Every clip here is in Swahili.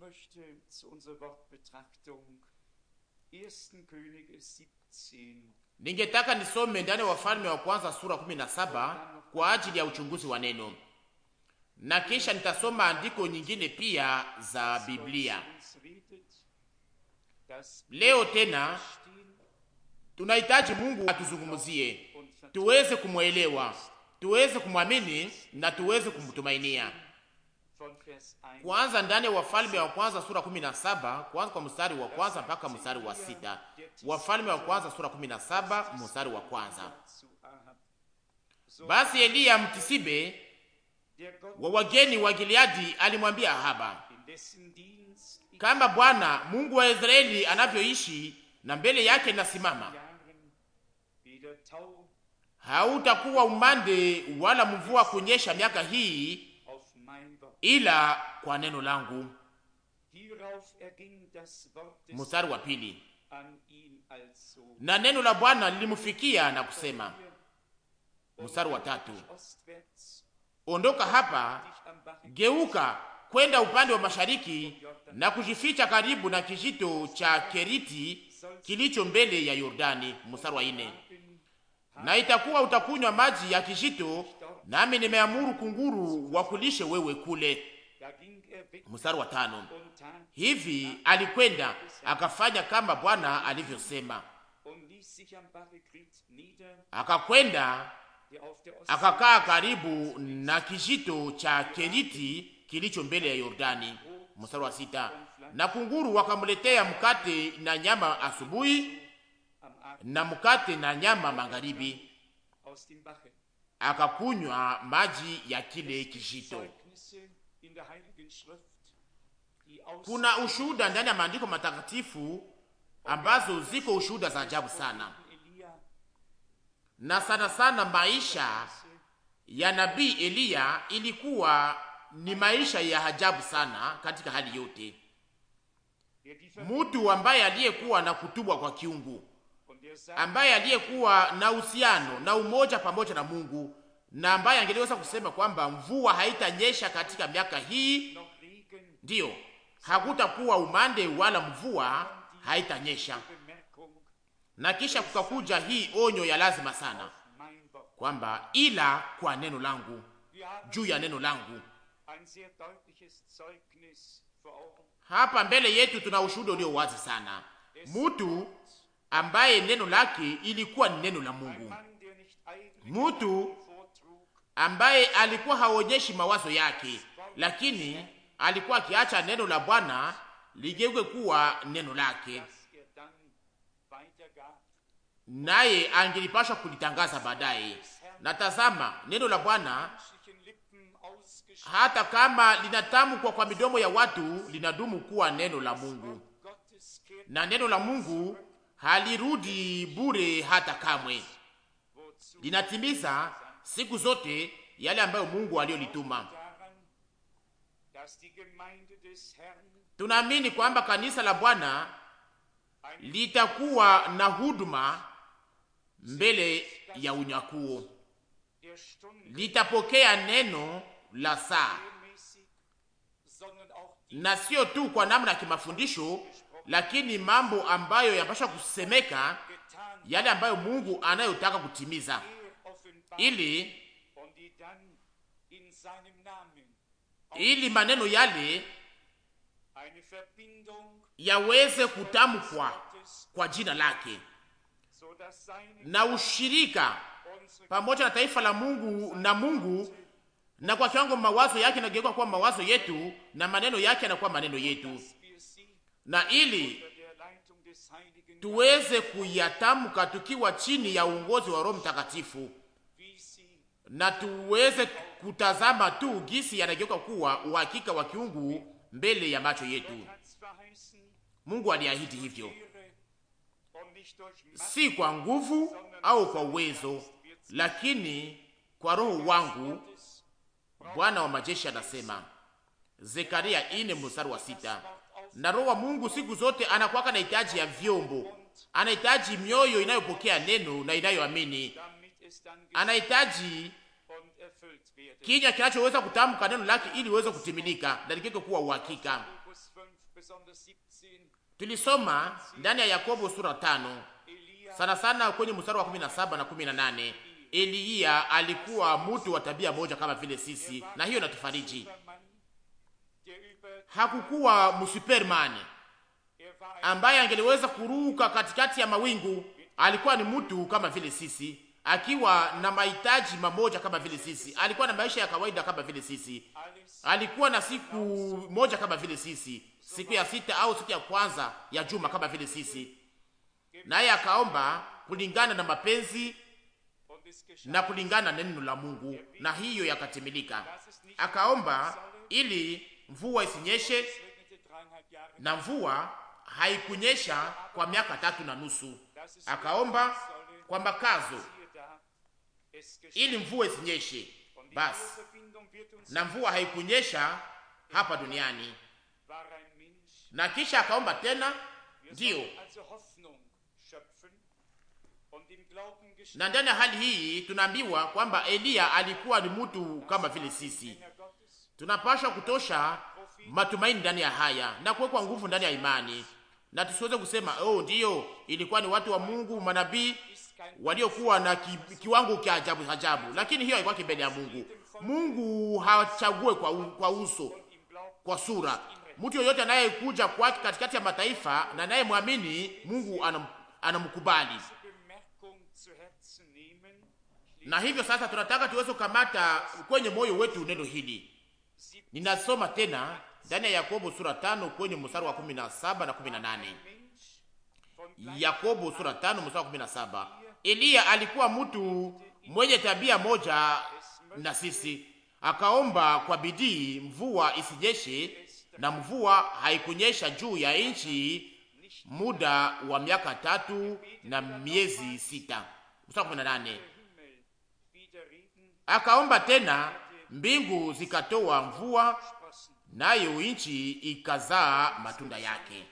möchte zu unserer Wortbetrachtung 1. Könige 17. Ningetaka nisome ndani Wafalme wa kwanza sura 17 kwa ajili ya uchunguzi wa neno, na kisha nitasoma andiko nyingine pia za Biblia. Leo tena tunahitaji Mungu atuzungumzie, tuweze kumwelewa, tuweze kumwamini na tuweze kumtumainia. Kwanza ndani ya Wafalme wa kwanza sura 17, kwanza kwa mstari wa kwanza mpaka mstari wa sita. Wafalme wa kwanza sura 17 mstari wa kwanza. Basi Eliya mtisibe wa wageni wa Gileadi alimwambia Ahaba, kama Bwana Mungu wa Israeli anavyoishi na mbele yake nasimama, hautakuwa umande wala mvua kunyesha miaka hii ila kwa neno langu. Mstari wa pili, na neno la Bwana lilimfikia na kusema. Mstari wa tatu, ondoka hapa, geuka kwenda upande wa mashariki na kujificha karibu na kijito cha Keriti kilicho mbele ya Yordani. Mstari wa ine, na itakuwa utakunywa maji ya kijito nami nimeamuru kunguru wakulishe wewe kule. Mstari wa tano. Hivi alikwenda akafanya kama Bwana alivyosema, akakwenda akakaa karibu na kijito cha Keriti kilicho mbele ya Yordani. Mstari wa sita. Na kunguru wakamletea mkate na nyama asubuhi na mkate na nyama magharibi akakunywa maji ya kile kijito. Kuna ushuhuda ndani ya maandiko matakatifu ambazo ziko ushuhuda za ajabu sana, na sana sana maisha ya nabii Eliya ilikuwa ni maisha ya ajabu sana katika hali yote. Mtu ambaye aliyekuwa na kutubwa kwa kiungu, ambaye aliyekuwa na uhusiano na umoja pamoja na Mungu, na ambaye angeliweza kusema kwamba mvua haitanyesha katika miaka hii, ndiyo hakutakuwa umande wala mvua haitanyesha. Na kisha kukakuja hii onyo ya lazima sana kwamba ila kwa neno langu, juu ya neno langu. Hapa mbele yetu tuna ushuhuda ulio wazi sana, mtu ambaye neno lake ilikuwa ni neno la Mungu, mtu ambaye alikuwa haonyeshi mawazo yake, lakini alikuwa akiacha neno la Bwana ligeuke kuwa neno lake, naye angelipashwa kulitangaza baadaye. Na tazama, neno la Bwana hata kama linatamkwa kwa midomo ya watu, linadumu kuwa neno la Mungu, na neno la Mungu halirudi bure hata kamwe, linatimiza siku zote yale ambayo Mungu aliyolituma. Tunaamini kwamba kanisa la Bwana litakuwa na huduma mbele ya unyakuo, litapokea neno la saa, na sio tu kwa namna ya kimafundisho, lakini mambo ambayo yapasha kusemeka, yale ambayo Mungu anayotaka kutimiza ili ili maneno yale yaweze kutamkwa kwa jina lake na ushirika pamoja na taifa la Mungu na Mungu na kwa kiwango mawazo yake yanageuka kuwa mawazo yetu na maneno yake yanakuwa maneno yetu, na ili tuweze kuyatamka tukiwa chini ya uongozi wa Roho Mtakatifu na tuweze kutazama tu gisi yanageuka kuwa uhakika wa kiungu mbele ya macho yetu. Mungu aliahidi hivyo, si kwa nguvu au kwa uwezo, lakini kwa roho wangu, Bwana wa majeshi anasema. Zekaria ine mstari wa sita. Na roho wa Mungu siku zote anakuwaka na hitaji ya vyombo, anahitaji mioyo inayopokea neno na inayoamini, anahitaji kinywa kinachoweza kutamka neno lake ili iweze kutimilika na likike kuwa uhakika. Tulisoma ndani ya Yakobo sura tano sana sana kwenye mstari wa 17 na 18. Eliya alikuwa mtu wa tabia moja kama vile sisi, na hiyo natufariji. Hakukuwa msuperman ambaye angeliweza kuruka katikati ya mawingu, alikuwa ni mtu kama vile sisi akiwa na mahitaji mamoja kama vile sisi, alikuwa na maisha ya kawaida kama vile sisi, alikuwa na siku moja kama vile sisi, siku ya sita au siku ya kwanza ya juma kama vile sisi, naye akaomba kulingana na mapenzi na kulingana na neno la Mungu, na hiyo yakatimilika. Akaomba ili mvua isinyeshe, na mvua haikunyesha kwa miaka tatu na nusu. Akaomba kwa makazo ili mvua zinyeshe Basi na mvua haikunyesha hapa duniani, na kisha akaomba tena, ndiyo. Na ndani ya hali hii tunaambiwa kwamba Eliya alikuwa ni mtu kama vile sisi. tunapashwa kutosha matumaini ndani ya haya na kuwekwa nguvu ndani ya imani, na tusiweze kusema oh, ndiyo ilikuwa ni watu wa Mungu manabii waliokuwa na ki, kiwango cha ajabu ajabu, lakini hiyo haikuwa mbele ya Mungu. Mungu hachague kwa, kwa uso kwa sura. Mtu yoyote anayekuja kwake katikati ya mataifa na anayemwamini Mungu anam, anamkubali. Na hivyo sasa tunataka tuweze kukamata kwenye moyo wetu neno hili. Ninasoma tena ndani ya Yakobo sura tano kwenye mstari wa 17 na 18. Yakobo sura tano mstari wa 17. Eliya alikuwa mtu mwenye tabia moja na sisi, akaomba kwa bidii mvua isinyeshe, na mvua haikunyesha juu ya nchi muda wa miaka tatu na miezi sita. nane akaomba tena, mbingu zikatoa mvua, nayo nchi ikazaa matunda yake.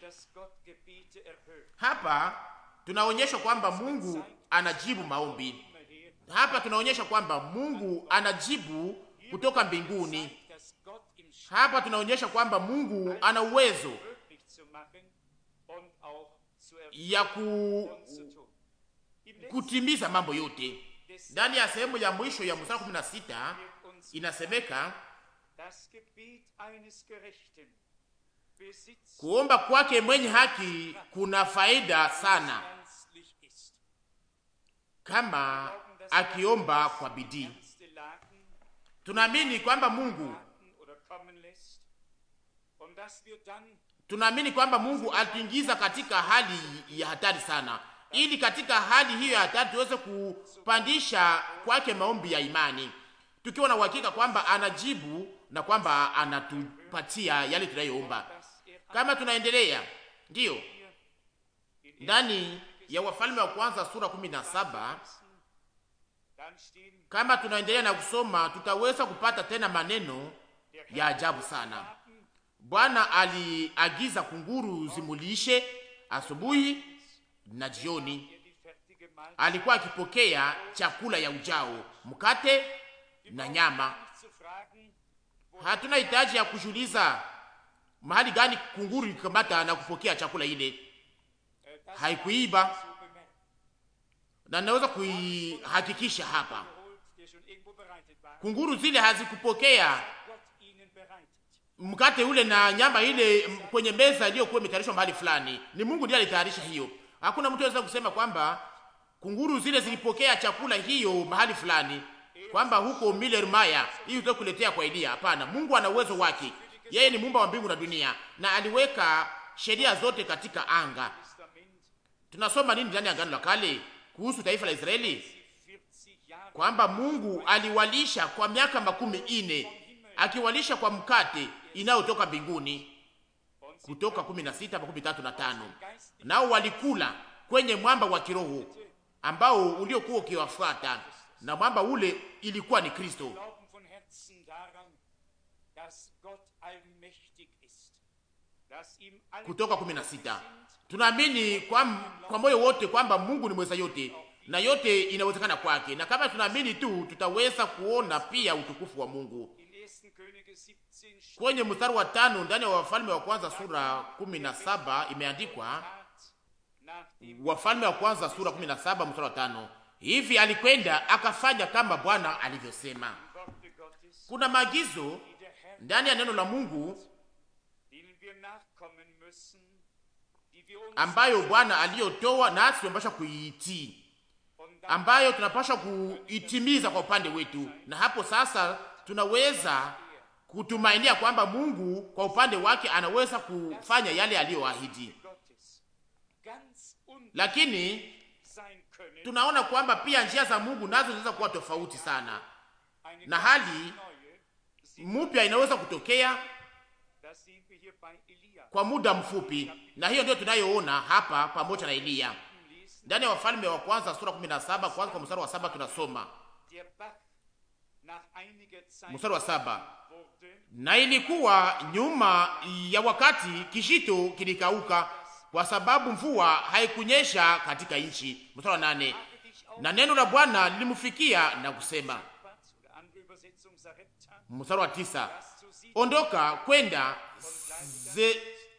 Hapa tunaonyeshwa kwamba Mungu anajibu maombi. Hapa tunaonyesha kwamba Mungu anajibu kutoka mbinguni. Hapa tunaonyesha kwamba Mungu ana uwezo ya ku, kutimiza mambo yote. Ndani ya sehemu ya mwisho ya mstari 16 inasemeka kuomba kwake mwenye haki kuna faida sana kama akiomba kwa bidii. Tunaamini kwamba Mungu tunaamini kwamba Mungu atuingiza katika hali ya hatari sana, ili katika hali hiyo ya hatari tuweze kupandisha kwake maombi ya imani, tukiwa na uhakika kwamba anajibu na kwamba anatupatia yale tunayoomba. Kama tunaendelea ndiyo ndani ya Wafalme wa kwanza sura kumi na saba, kama tunaendelea na kusoma tutaweza kupata tena maneno ya ajabu sana. Bwana aliagiza kunguru zimulishe asubuhi na jioni. Alikuwa akipokea chakula ya ujao, mkate na nyama. Hatuna hitaji ya kujiuliza mahali gani kunguru ilikamata na kupokea chakula ile haikuiba na naweza kuihakikisha hapa, kunguru zile hazikupokea mkate ule na nyama ile kwenye meza iliyokuwa imetayarishwa mahali fulani. Ni Mungu ndiye alitayarisha hiyo. Hakuna mtu anaweza kusema kwamba kunguru zile zilipokea chakula hiyo mahali fulani, kwamba huko Miller Maya hiyo ndio kuletea kwa Elia. Hapana, Mungu ana uwezo wake. Yeye ni muumba wa mbingu na dunia, na aliweka sheria zote katika anga Tunasoma nini ndani ya Agano la Kale kuhusu taifa la Israeli? Kwamba Mungu aliwalisha kwa miaka makumi ine akiwalisha kwa mkate inayotoka mbinguni, Kutoka 16 makumi tatu na tano. Nao walikula kwenye mwamba wa kiroho ambao uliokuwa ukiwafuata, na mwamba ule ilikuwa ni Kristo. Kutoka sita tunaamini kwa, kwa moyo wote kwamba Mungu ni mweza yote na yote inawezekana kwake, na kama tunaamini tu tutaweza kuona pia utukufu wa Mungu. Kwenye mstari wa tano ndani ya Wafalme wa kwanza sura kumi na saba imeandikwa, Wafalme wa kwanza sura kumi na saba mstari wa tano hivi alikwenda akafanya kama Bwana alivyosema. Kuna maagizo ndani ya neno la Mungu ambayo Bwana aliyotoa nasi tunapasha kuitii, ambayo tunapasha kuitimiza kwa upande wetu, na hapo sasa tunaweza kutumainia kwamba Mungu kwa upande wake anaweza kufanya yale aliyoahidi. Lakini tunaona kwamba pia njia za Mungu nazo zinaweza kuwa tofauti sana, na hali mpya inaweza kutokea kwa muda mfupi na hiyo ndio tunayoona hapa pamoja na Eliya ndani ya Wafalme wa kwanza sura 17 kwanza kwa mstari wa saba tunasoma mstari wa saba, na ilikuwa nyuma ya wakati kishito kilikauka, kwa sababu mvua haikunyesha katika nchi. Mstari wa nane, na neno la Bwana lilimfikia na kusema. Mstari wa tisa, ondoka kwenda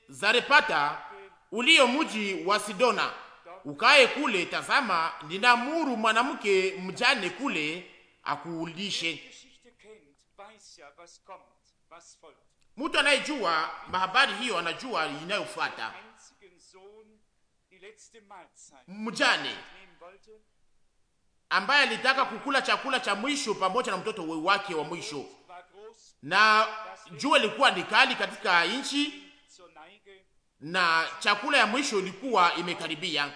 Zarepata ulio mji wa Sidona, ukae kule. Tazama, ninamuru mwanamke mjane kule akuulishe. Mtu anayejua mahabari hiyo anajua inayofuata. Mjane ambaye alitaka kukula chakula cha mwisho pamoja na mtoto wake wa mwisho, na jua lilikuwa ni kali katika nchi na chakula ya mwisho ilikuwa imekaribia.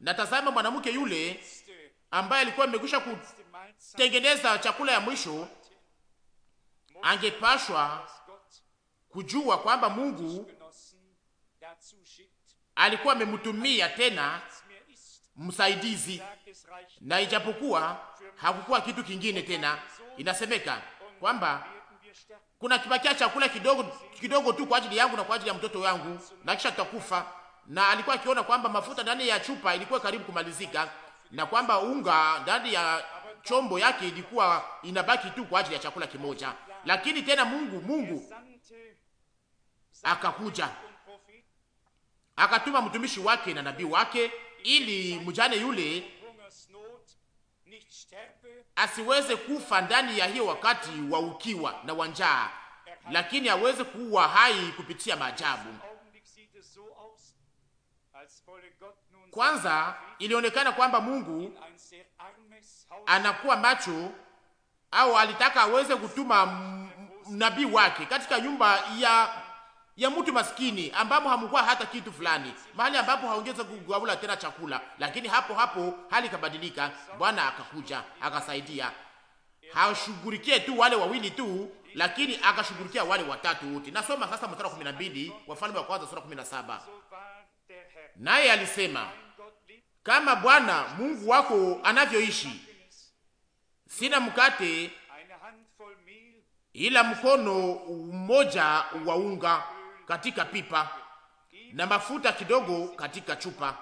Na tazama, mwanamke yule ambaye alikuwa amekwisha kutengeneza chakula ya mwisho angepashwa kujua kwamba Mungu alikuwa amemtumia tena msaidizi, na ijapokuwa hakukuwa kitu kingine tena, inasemeka kwamba kuna kibakia chakula kidogo kidogo tu kwa ajili yangu na kwa ajili ya mtoto wangu, na kisha tutakufa. Na alikuwa akiona kwamba mafuta ndani ya chupa ilikuwa karibu kumalizika na kwamba unga ndani ya chombo yake ilikuwa inabaki tu kwa ajili ya chakula kimoja, lakini tena Mungu Mungu akakuja akatuma mtumishi wake na nabii wake ili mjane yule asiweze kufa ndani ya hiyo wakati wa ukiwa na wa njaa, lakini aweze kuwa hai kupitia maajabu. Kwanza ilionekana kwamba Mungu anakuwa macho au alitaka aweze kutuma nabii wake katika nyumba ya ya mtu maskini ambapo hamkuwa hata kitu fulani, mahali ambapo haongeza kugawula tena chakula, lakini hapo hapo hali ikabadilika. Bwana akakuja akasaidia, hashughulikie tu wale wawili tu, lakini akashughulikia wale watatu wote. Nasoma sasa mstari wa 12 Wafalme wa kwanza sura 17. Naye alisema kama Bwana Mungu wako anavyoishi, sina mkate ila mkono mmoja wa unga katika pipa na mafuta kidogo katika chupa.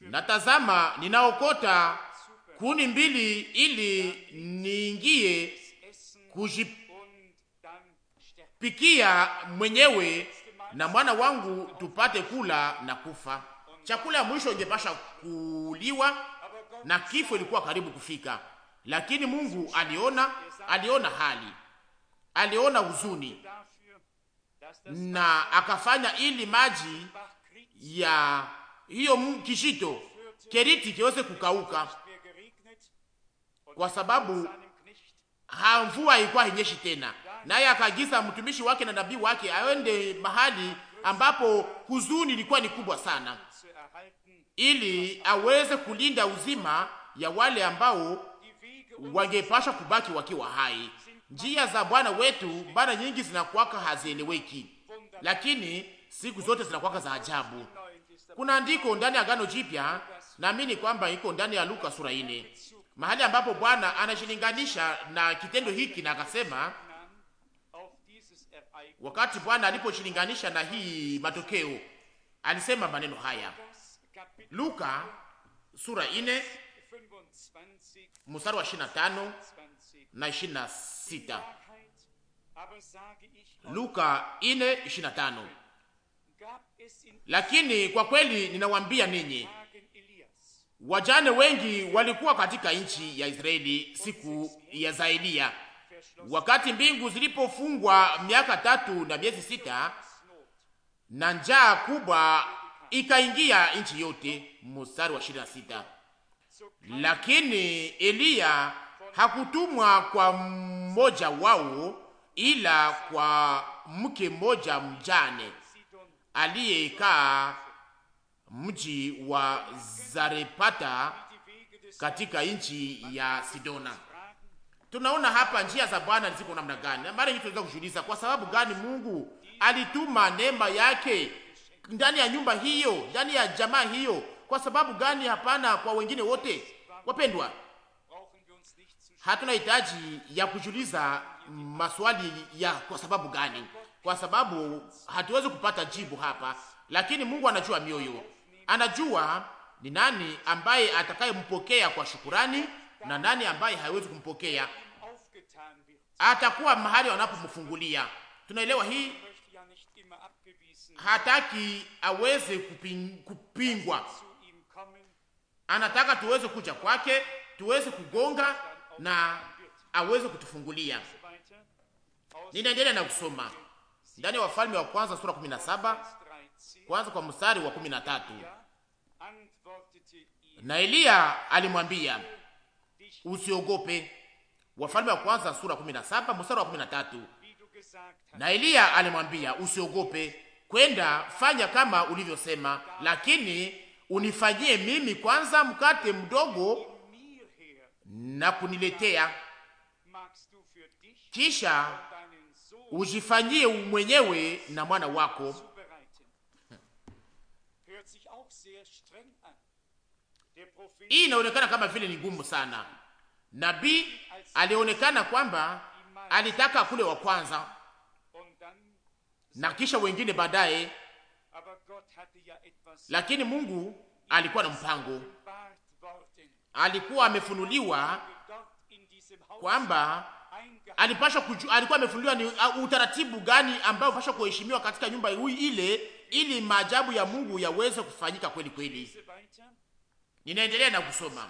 Natazama, ninaokota kuni mbili ili niingie kujipikia mwenyewe na mwana wangu tupate kula na kufa. Chakula ya mwisho ingepasha kuliwa na kifo ilikuwa karibu kufika, lakini Mungu aliona aliona hali, aliona huzuni na akafanya ili maji ya hiyo kishito keriti kiweze kukauka, kwa sababu hamvua ilikuwa hinyeshi tena. Naye akaagiza mtumishi wake na nabii wake aende mahali ambapo huzuni ilikuwa ni kubwa sana, ili aweze kulinda uzima ya wale ambao wangepasha kubaki wakiwa hai. Njia za Bwana wetu mara nyingi zinakuwaka hazieleweki, lakini siku zote zinakuwaka za ajabu. Kuna andiko ndani ya Agano Jipya, naamini kwamba iko ndani ya Luka sura ine, mahali ambapo Bwana anashilinganisha na kitendo hiki na akasema, wakati Bwana aliposhilinganisha na hii matokeo, alisema maneno haya, Luka sura ine mstari wa 25 na 26. Luka 4:25. Lakini kwa kweli ninawambia ninyi, wajane wengi walikuwa katika nchi ya Israeli siku ya Zaidia, wakati mbingu zilipofungwa miaka tatu na miezi sita na njaa kubwa ikaingia nchi yote. Mstari wa 26. Lakini Eliya hakutumwa kwa mmoja wao, ila kwa mke mmoja mjane aliyekaa mji wa Zarepata katika nchi ya Sidona. Tunaona hapa njia za Bwana ziko namna gani? Mara nyingi tunaweza kujiuliza kwa sababu gani Mungu alituma neema yake ndani ya nyumba hiyo, ndani ya jamaa hiyo, kwa sababu gani? Hapana, kwa wengine wote. Wapendwa, hatuna hitaji ya kujiuliza maswali ya kwa sababu gani, kwa sababu hatuwezi kupata jibu hapa, lakini Mungu anajua mioyo, anajua ni nani ambaye atakayempokea kwa shukurani na nani ambaye hawezi kumpokea, atakuwa mahali wanapomfungulia. Tunaelewa hii. Hataki aweze kuping, kupingwa anataka tuweze kuja kwake, tuweze kugonga na aweze kutufungulia. Ninaendelea na kusoma ndani ya Wafalme wa kwanza sura 17 kwanza kwa mstari wa 13. Na Eliya alimwambia usiogope. Wafalme wa kwanza sura 17 mstari wa 13. Na Eliya alimwambia usiogope, kwenda fanya kama ulivyosema, lakini unifanyie mimi kwanza mkate mdogo na kuniletea, kisha ujifanyie mwenyewe na mwana wako. Hii inaonekana kama vile ni ngumu sana. Nabii alionekana kwamba alitaka kule wa kwanza na kisha wengine baadaye, lakini Mungu alikuwa na mpango, alikuwa amefunuliwa kwamba alipasha alikuwa amefunuliwa ni uh, utaratibu gani ambao unapaswa kuheshimiwa katika nyumba hii ile, ili maajabu ya Mungu yaweze kufanyika kweli kweli. Ninaendelea na kusoma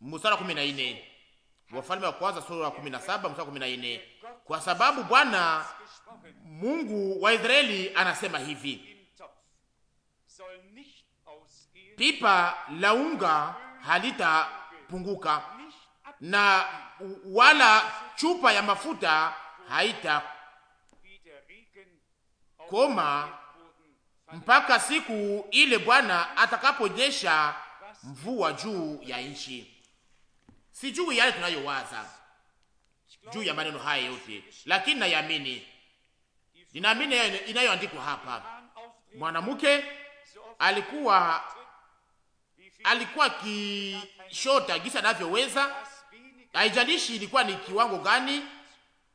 mstari wa 14 Wafalme wa kwanza sura ya 17 mstari wa 14, kwa sababu Bwana Mungu wa Israeli anasema hivi, pipa la unga halitapunguka na wala chupa ya mafuta haitakoma mpaka siku ile Bwana atakaponyesha mvua juu ya nchi. Sijui yale tunayowaza juu ya maneno haya yote, lakini nayamini Ninaamini inayoandikwa hapa, mwanamke alikuwa alikuwa kishota gisa anavyoweza, haijalishi ilikuwa ni kiwango gani,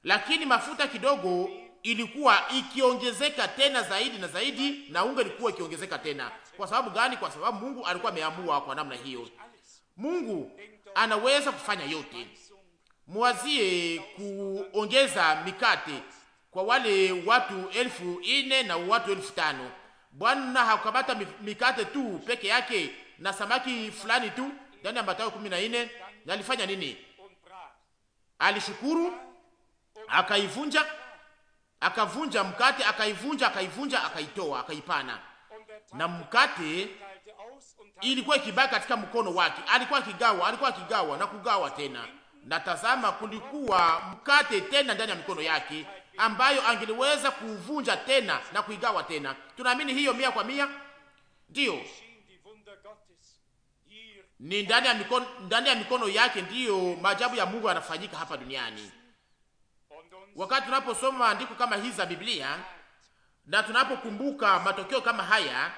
lakini mafuta kidogo ilikuwa ikiongezeka tena zaidi na zaidi, na unga ilikuwa ikiongezeka tena. Kwa sababu gani? Kwa sababu Mungu alikuwa ameamua kwa namna hiyo. Mungu anaweza kufanya yote. Mwazie kuongeza mikate kwa wale watu elfu ine na watu elfu tano. Bwana hakukabata mikate tu peke yake na samaki fulani tu ndani ya Mathayo kumi na ine. Na alifanya nini? Alishukuru, akaivunja, akavunja mkate, akaivunja, akaivunja, akaitoa, akaipana, na mkate ilikuwa ikibaki katika mkono wake. Alikuwa akigawa, alikuwa akigawa na kugawa tena, na tazama, kulikuwa mkate tena ndani ya mikono yake ambayo angeliweza kuvunja tena na kuigawa tena. Tunaamini hiyo mia kwa mia, ndiyo ni ndani ya mikono, ndani ya mikono yake ndiyo maajabu ya Mungu yanafanyika hapa duniani. Wakati tunaposoma maandiko kama hizi za Biblia na tunapokumbuka matokeo kama haya,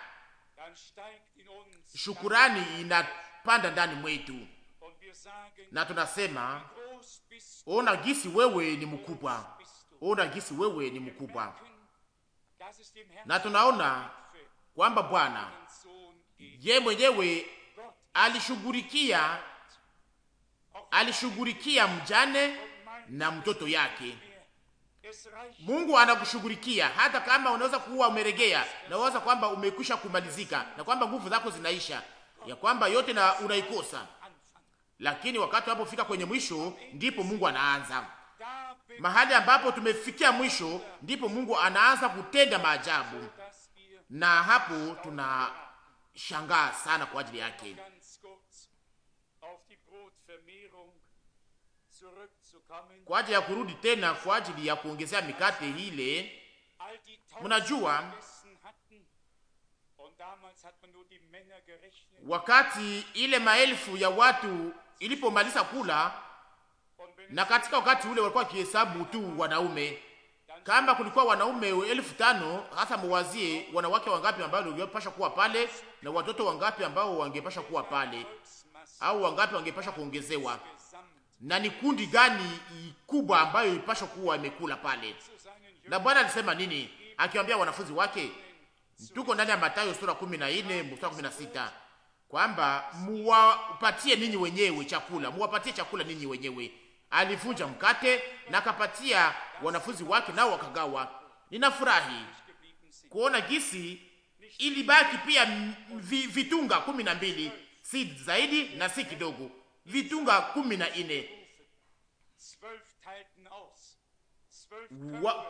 shukurani inapanda ndani mwetu na tunasema, ona gisi wewe ni mkubwa ona gisi wewe ni mkubwa, na tunaona kwamba Bwana ye mwenyewe alishughulikia alishughulikia mjane na mtoto yake. Mungu anakushughulikia hata kama unaweza kuwa umeregea na unaweza kwamba umekwisha kumalizika na kwamba nguvu zako zinaisha ya kwamba yote na unaikosa, lakini wakati unapofika kwenye mwisho ndipo Mungu anaanza mahali ambapo tumefikia mwisho, ndipo Mungu anaanza kutenda maajabu, na hapo tunashangaa sana kwa ajili yake. Kwa ajili ya kurudi tena, kwa ajili ya kuongezea mikate ile, mnajua wakati ile maelfu ya watu ilipomaliza kula na katika wakati ule walikuwa kihesabu tu wanaume. Kama kulikuwa wanaume elfu tano hasa muwazie wanawake wangapi ambao wangepasha kuwa pale na watoto wangapi ambao wangepasha kuwa pale au wangapi wangepasha kuongezewa, na ni kundi gani kubwa ambayo ipasha kuwa imekula pale. Na Bwana alisema nini akiwaambia wanafunzi wake? Tuko ndani ya matayo sura 14 mstari 16 kwamba muwapatie ninyi wenyewe chakula, muwapatie chakula ninyi wenyewe alivunja mkate na akapatia wanafunzi wake, nao wakagawa. Ninafurahi kuona gisi ilibaki pia vitunga kumi na mbili, si zaidi na si kidogo, vitunga kumi na nne. Wa,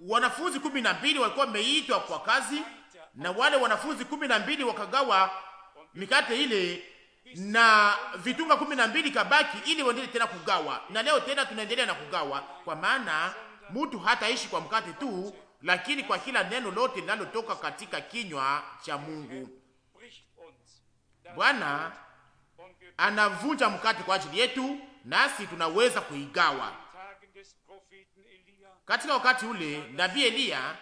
wanafunzi kumi na mbili walikuwa wameitwa kwa kazi, na wale wanafunzi kumi na mbili wakagawa mikate ile na vitunga kumi na mbili kabaki ili waendelee tena kugawa, na leo tena tunaendelea na kugawa, kwa maana mtu hataishi kwa mkate tu, lakini kwa kila neno lote linalotoka katika kinywa cha Mungu. Bwana anavunja mkate kwa ajili yetu, nasi tunaweza kuigawa. Katika wakati ule nabii Eliya,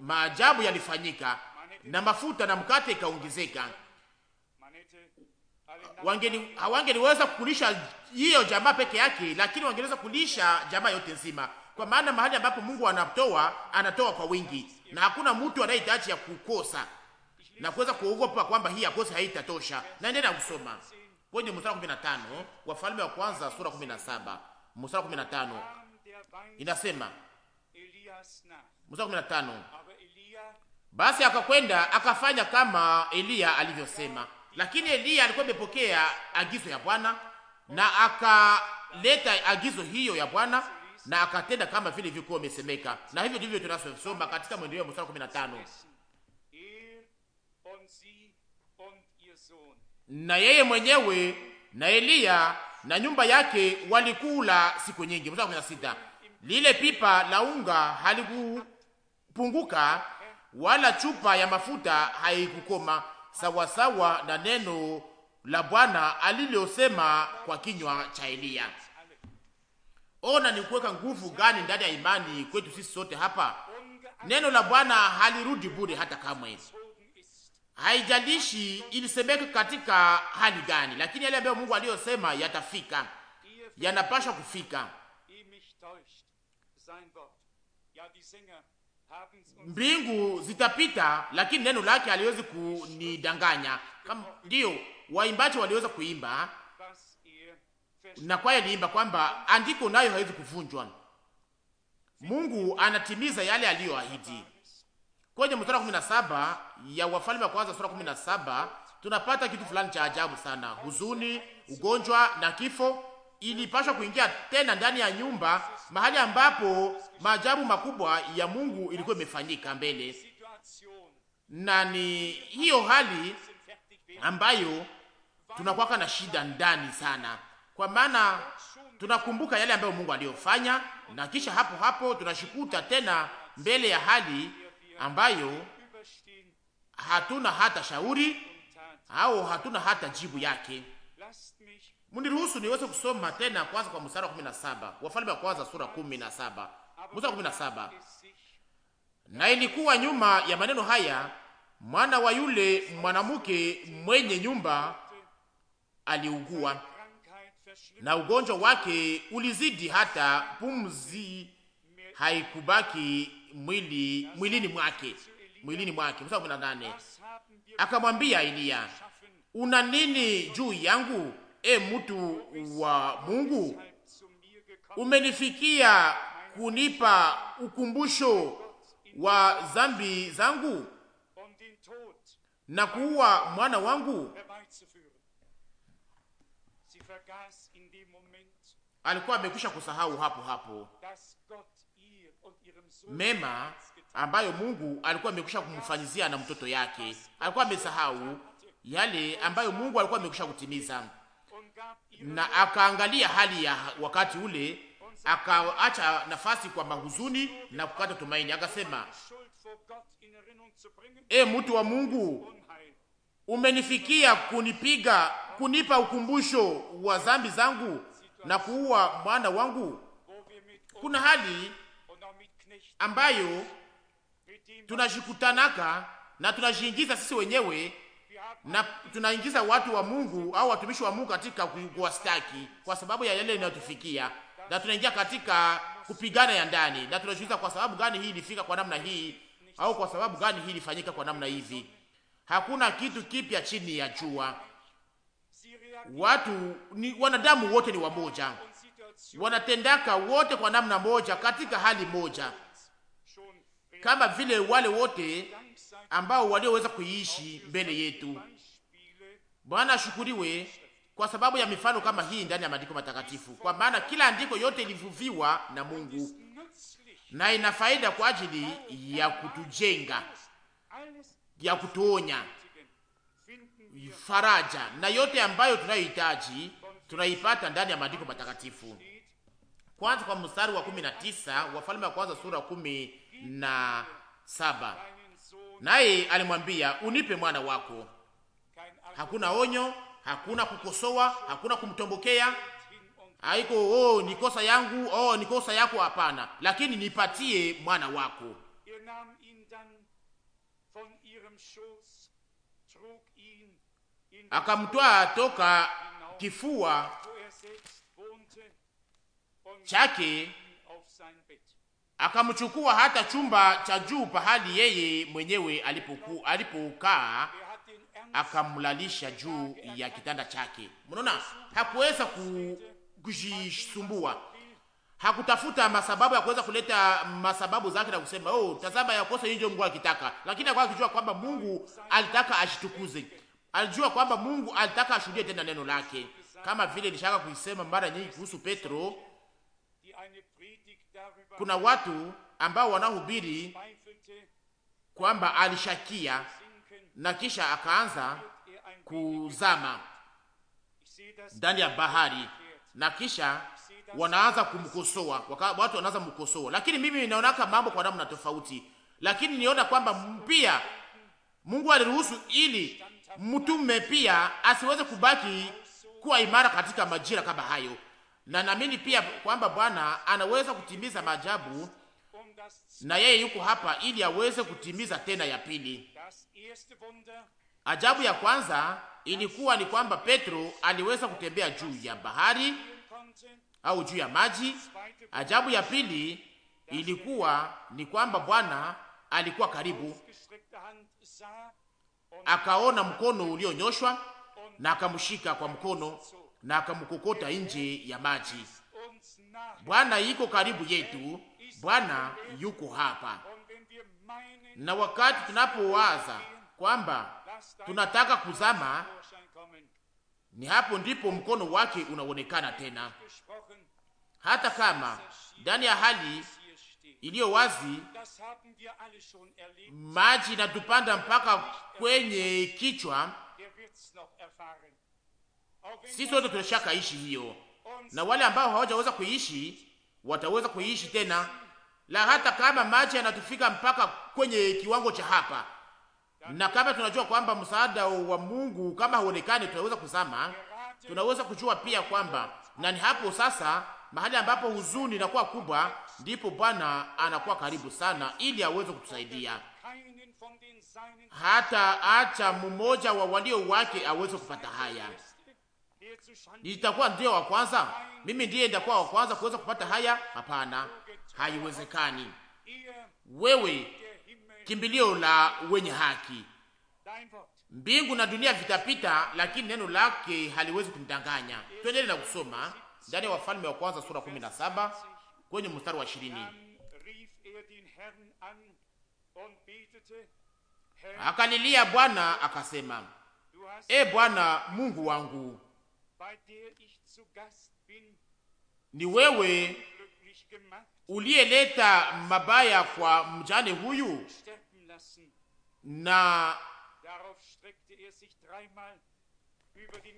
maajabu yalifanyika na mafuta na mkate ikaongezeka. Wangeni hawangeliweza kulisha hiyo jamaa peke yake, lakini wangeweza kulisha jamaa yote nzima, kwa maana mahali ambapo Mungu anatoa anatoa kwa wingi, na hakuna mtu anayehitaji ya kukosa na kuweza kuogopa kwamba hii akosa haitatosha. Naendelea kusoma kwenye mstari wa 15 Wafalme wa kwanza sura 17 mstari wa 15 inasema mstari wa 15 basi akakwenda akafanya kama Eliya alivyosema, lakini Eliya alikuwa amepokea agizo ya Bwana na akaleta agizo hiyo ya Bwana na akatenda kama vile vilikuwa imesemeka, na hivyo ndivyo tunasoma katika mwendeleo wa mstari 15 na yeye mwenyewe na Eliya na nyumba yake walikula siku nyingi. Mstari 16 lile pipa la unga halikupunguka wala chupa ya mafuta haikukoma, sawasawa na neno la Bwana alilosema kwa kinywa cha Eliya. Ona ni kuweka nguvu gani ndani ya imani kwetu sisi sote hapa. Neno la Bwana halirudi bure hata kamwe, haijalishi ilisemeka katika hali gani, lakini yale ambayo Mungu aliyosema yatafika, yanapashwa kufika. Mbingu zitapita, lakini neno lake haliwezi kunidanganya. Kama ndiyo waimbaji waliweza kuimba na kwaya liimba kwamba andiko nayo haiwezi kuvunjwa. Mungu anatimiza yale aliyoahidi. Kwenye mstari wa saba ya Wafalme wa kwanza sura saba tunapata kitu fulani cha ajabu sana. Huzuni, ugonjwa na kifo ilipashwa kuingia tena ndani ya nyumba mahali ambapo maajabu makubwa ya Mungu ilikuwa imefanyika mbele, na ni hiyo hali ambayo tunakwaka na shida ndani sana, kwa maana tunakumbuka yale ambayo Mungu aliyofanya, na kisha hapo hapo tunashikuta tena mbele ya hali ambayo hatuna hata shauri au hatuna hata jibu yake. Mniruhusu niweze kusoma tena kwanza kwa mstari wa 17. Wafalme wa kwanza sura 17. Mstari wa 17. Na ilikuwa nyuma ya maneno haya mwana wa yule mwanamke mwenye nyumba aliugua, na ugonjwa wake ulizidi hata pumzi haikubaki mwili mwilini mwake mwilini mwake. Mstari wa 18, akamwambia Eliya, una nini juu yangu? e mtu wa Mungu, umenifikia kunipa ukumbusho wa zambi zangu na kuua mwana wangu. Alikuwa amekwisha kusahau hapo hapo mema ambayo Mungu alikuwa amekwisha kumfanyizia na mtoto yake. Alikuwa amesahau yale ambayo Mungu alikuwa amekwisha kutimiza na akaangalia hali ya wakati ule, akaacha nafasi kwa mahuzuni na kukata tumaini, akasema e, mtu wa Mungu, umenifikia kunipiga kunipa ukumbusho wa dhambi zangu na kuua mwana wangu. Kuna hali ambayo tunajikutanaka na tunajiingiza sisi wenyewe na tunaingiza watu wa Mungu au watumishi wa Mungu katika kuwastaki kwa sababu ya yale inayotufikia, na tunaingia katika kupigana ya ndani, na tunajiuliza kwa sababu gani hii ilifika kwa namna hii, au kwa sababu gani hii ilifanyika kwa namna hivi. Hakuna kitu kipya chini ya jua. Watu ni wanadamu, wote ni wamoja, wanatendaka wote kwa namna moja, katika hali moja, kama vile wale wote ambao walioweza kuiishi mbele yetu. Bwana ashukuriwe kwa sababu ya mifano kama hii ndani ya maandiko matakatifu, kwa maana kila andiko yote ilivuviwa na Mungu na ina faida kwa ajili ya kutujenga, ya kutuonya, faraja na yote ambayo tunayohitaji tunaipata ndani ya maandiko matakatifu. Kwanza kwa mstari wa 19 Wafalme wa kwanza sura kumi na saba naye alimwambia unipe mwana wako. Hakuna onyo, hakuna kukosoa, hakuna kumtombokea, haiko oh, ni kosa yangu, oh, ni kosa yako. Hapana, lakini nipatie mwana wako. Akamtwaa toka kifua er chake akamchukua hata chumba cha juu pahali yeye mwenyewe alipoku alipokaa akamlalisha juu ya kitanda chake. Mnaona, hakuweza kujisumbua, hakutafuta masababu ya kuweza kuleta masababu zake na kusema oh, tazama ya kosa hiyo Mungu akitaka, lakini alikuwa akijua kwamba Mungu alitaka ashitukuze, alijua kwamba Mungu alitaka ashuhudie tena neno lake, kama vile nishaka kuisema mara nyingi kuhusu Petro kuna watu ambao wanahubiri kwamba alishakia na kisha akaanza kuzama ndani ya bahari, na kisha wanaanza kumkosoa watu, wanaanza kumkosoa. Lakini mimi ninaonaka mambo kwa namna tofauti, lakini niona kwamba pia Mungu aliruhusu ili mtume pia asiweze kubaki kuwa imara katika majira kama hayo na naamini pia kwamba Bwana anaweza kutimiza maajabu, na yeye yuko hapa ili aweze kutimiza tena ya pili. Ajabu ya kwanza ilikuwa ni kwamba Petro aliweza kutembea juu ya bahari au juu ya maji. Ajabu ya pili ilikuwa ni kwamba Bwana alikuwa karibu, akaona mkono ulionyoshwa na akamshika kwa mkono na akamkokota nje ya maji. Bwana yiko karibu yetu, Bwana yuko hapa. Na wakati tunapowaza kwamba tunataka kuzama, ni hapo ndipo mkono wake unaonekana tena, hata kama ndani ya hali iliyo wazi maji inatupanda mpaka kwenye kichwa sisi wote tunashaka ishi hiyo, na wale ambao hawajaweza kuishi wataweza kuishi tena, la hata kama maji yanatufika mpaka kwenye kiwango cha hapa, na kama tunajua kwamba msaada wa Mungu kama hauonekani, tunaweza kuzama, tunaweza kujua pia kwamba, na ni hapo sasa mahali ambapo huzuni inakuwa kubwa, ndipo Bwana anakuwa karibu sana, ili aweze kutusaidia hata acha mmoja wa walio wake aweze kupata haya nitakuwa ndio wa kwanza, mimi ndiye nitakuwa wa kwanza kuweza kupata haya? Hapana, haiwezekani. Wewe kimbilio la wenye haki, mbingu na dunia vitapita, lakini neno lake haliwezi kumdanganya Twendele na kusoma ndani ya Wafalme wa kwanza sura 17 kwenye mstari wa 20. Akalilia Bwana akasema, E Bwana Mungu wangu ni wewe uliyeleta mabaya kwa mjane huyu na er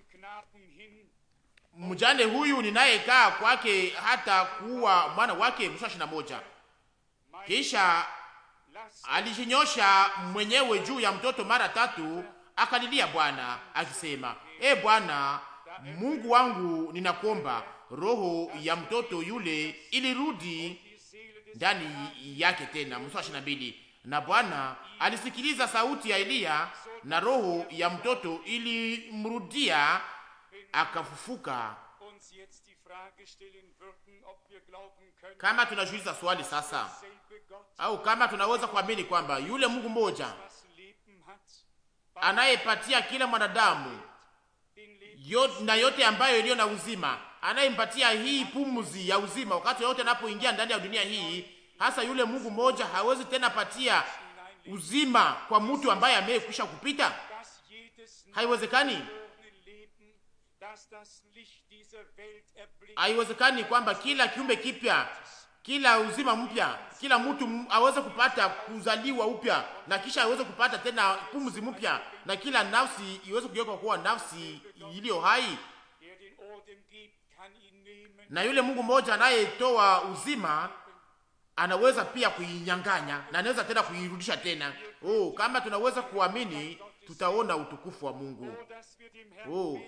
mjane huyu ninayekaa kwake hata kuwa mwana wake. Mstari ishirini na moja, kisha alijinyosha mwenyewe juu ya mtoto mara tatu, akalilia Bwana akisema, e Bwana Mungu wangu, ninakuomba roho ya mtoto yule ilirudi ndani yake tena. Musa wa ishirini na mbili, na Bwana alisikiliza sauti ya Eliya na roho ya mtoto ilimrudia akafufuka. Kama tunajiuliza swali sasa, au kama tunaweza kuamini kwamba yule Mungu mmoja anayepatia kila mwanadamu yote, na yote ambayo iliyo na uzima, anayempatia hii pumzi ya uzima wakati yote anapoingia ndani ya dunia hii. Hasa yule Mungu mmoja hawezi tena patia uzima kwa mtu ambaye amekwisha kupita, haiwezekani. Haiwezekani kwamba kila kiumbe kipya kila uzima mpya, kila mtu aweze kupata kuzaliwa upya, na kisha aweze kupata tena pumzi mpya, na kila nafsi iweze kugeuka kuwa nafsi iliyo hai, na yule Mungu mmoja anayetoa uzima anaweza pia kuinyang'anya na anaweza tena kuirudisha tena. Oh, kama tunaweza kuamini tutaona utukufu wa Mungu. Oh,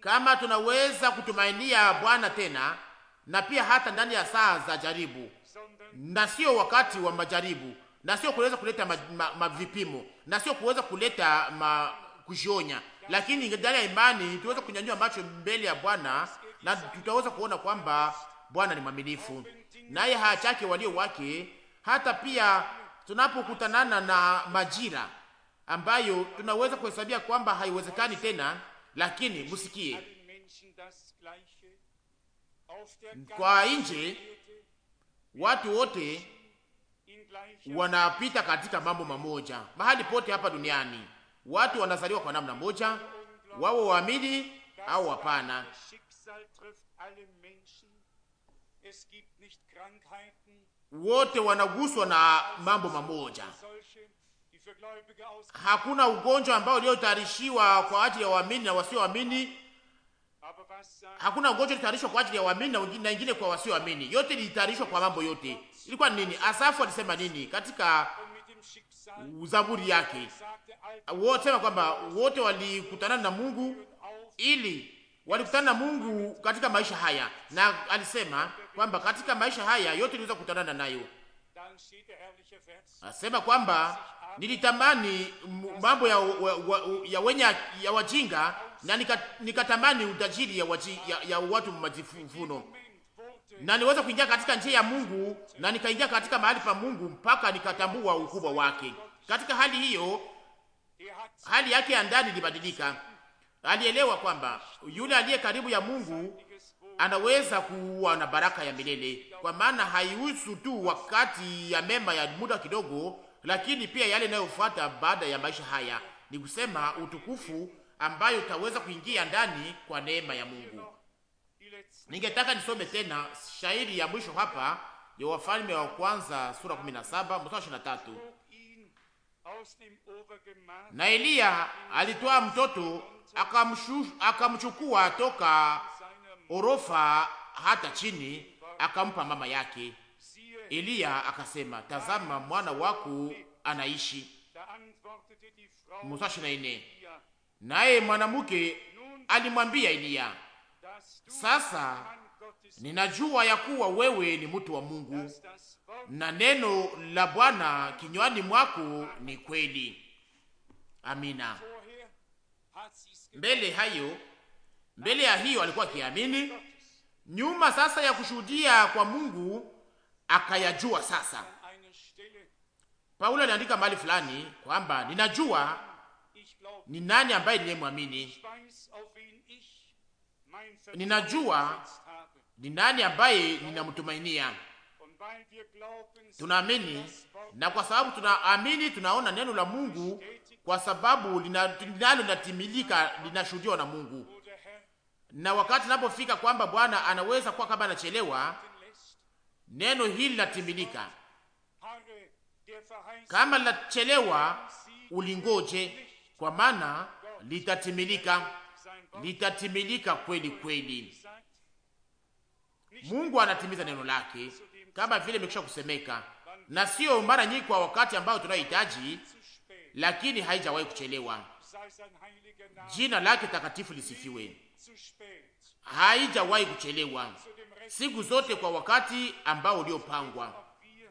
kama tunaweza kutumainia Bwana tena na pia hata ndani ya saa za jaribu, na sio wakati wa majaribu, na sio kuweza kuleta mavipimo ma, ma na sio kuweza kuleta ma, kujionya, lakini ndani ya imani tuweze kunyanyua macho mbele ya Bwana na tutaweza kuona kwamba Bwana ni mwaminifu, naye haachake walio wake. Hata pia tunapokutanana na majira ambayo tunaweza kuhesabia kwamba haiwezekani tena, lakini msikie kwa nje watu wote wanapita katika mambo mamoja. Mahali pote hapa duniani watu wanazaliwa kwa namna moja, wao waamini au hapana. Wote wanaguswa na mambo mamoja. Hakuna ugonjwa ambao uliotayarishiwa kwa ajili ya waamini na wasioamini Hakuna ugonjwa ulitayarishwa kwa ajili ya waamini na wengine kwa wasioamini, yote ilitayarishwa kwa mambo yote. Ilikuwa nini? Asafu alisema nini katika zaburi yake? wosema kwamba wote walikutana na Mungu, ili walikutana na Mungu katika maisha haya, na alisema kwamba katika maisha haya yote iliweza kukutanana nayo Asema kwamba nilitamani mambo ya, ya, wenye ya wajinga na nikatamani nika utajiri ya, waji, ya, ya watu majivuno, na niweza kuingia katika njia ya Mungu na nikaingia katika mahali pa Mungu mpaka nikatambua ukubwa wake. Katika hali hiyo, hali yake ya ndani ilibadilika. Alielewa kwamba yule aliye karibu ya Mungu anaweza kuwa na baraka ya milele, kwa maana haihusu tu wakati ya mema ya muda kidogo, lakini pia yale inayofuata baada ya maisha haya, ni kusema utukufu ambayo utaweza kuingia ndani kwa neema ya Mungu. Ningetaka nisome tena shairi ya mwisho hapa ya Wafalme wa Kwanza sura 17 mstari 23. Na Eliya alitoa mtoto akamchukua toka orofa hata chini, akampa mama yake. Eliya akasema, tazama mwana wako anaishi. na ine naye mwanamke alimwambia Eliya, sasa ninajua ya kuwa wewe ni mtu wa Mungu na neno la Bwana kinywani mwako ni kweli. Amina. Mbele hayo mbele ya hiyo alikuwa akiamini, nyuma sasa ya kushuhudia kwa Mungu akayajua sasa. Paulo aliandika mahali fulani kwamba ninajua ni nani ambaye ninayemwamini, ninajua ni nani ambaye ninamtumainia. Tunaamini, na kwa sababu tunaamini, tunaona neno la Mungu, kwa sababu linalo linatimilika, linashuhudiwa na Mungu na wakati napofika kwamba Bwana anaweza kuwa kama anachelewa, neno hili latimilika. Kama linachelewa, ulingoje, kwa maana litatimilika, litatimilika kweli kweli. Mungu anatimiza neno lake kama vile imekwisha kusemeka, na sio mara nyingi kwa wakati ambao tunayohitaji, lakini haijawahi kuchelewa. Jina lake takatifu lisifiwe haijawahi kuchelewa, siku zote kwa wakati ambao uliopangwa.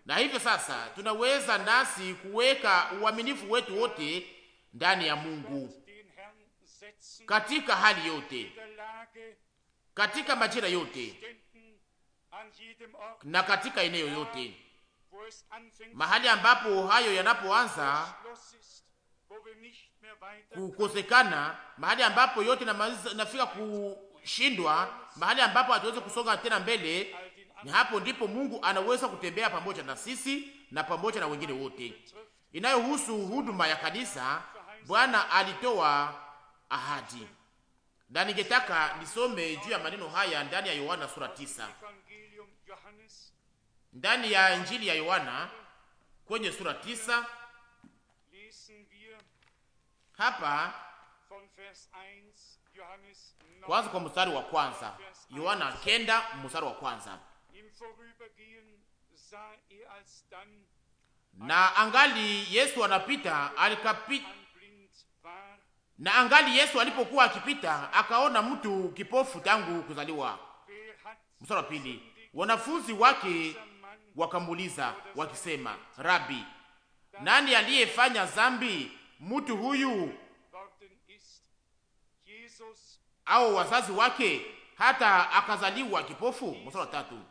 Na hivyo sasa tunaweza nasi kuweka uaminifu wetu wote ndani ya Mungu katika hali yote, katika majira yote na katika eneo yote, mahali ambapo hayo yanapoanza kukosekana, mahali ambapo yote nafika kushindwa, mahali ambapo hatuwezi kusonga tena mbele, ni hapo ndipo Mungu anaweza kutembea pamoja na sisi na pamoja na wengine wote. Inayohusu huduma ya kanisa, Bwana alitoa ahadi, na ningetaka nisome juu ya maneno haya ndani ya Yohana sura tisa, ndani ya Injili ya Yohana kwenye sura tisa hapa kwanza kwa mstari wa kwanza Yohana kenda mstari wa kwanza er na angali Yesu anapita alikapita, na angali Yesu alipokuwa akipita akaona mtu kipofu tangu kuzaliwa. Mstari wa pili, wanafunzi wake wakamuuliza wakisema, Rabi, nani aliyefanya zambi mtu huyu au wazazi wake hata akazaliwa kipofu. Mstari wa tatu,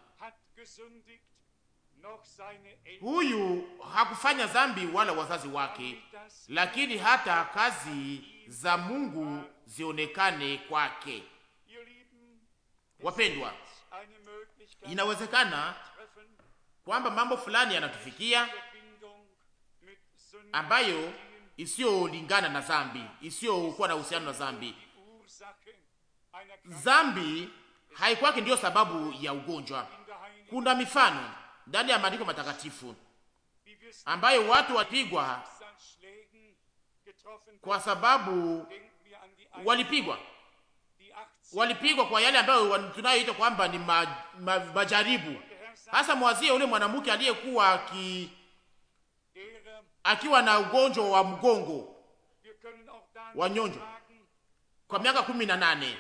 huyu hakufanya zambi wala wazazi wake, lakini hata kazi za Mungu zionekane kwake. Wapendwa, inawezekana kwamba mambo fulani yanatufikia ambayo isiyolingana na zambi, isiyokuwa na uhusiano na zambi. Zambi haikwake ndiyo sababu ya ugonjwa. Kuna mifano ndani ya maandiko matakatifu ambayo watu walipigwa kwa sababu walipigwa walipigwa kwa yale ambayo tunayoita kwamba ni ma, ma, majaribu. Hasa mwazie ule mwanamke aliyekuwa akiwa na ugonjwa wa mgongo wa nyonjo kwa miaka kumi na nane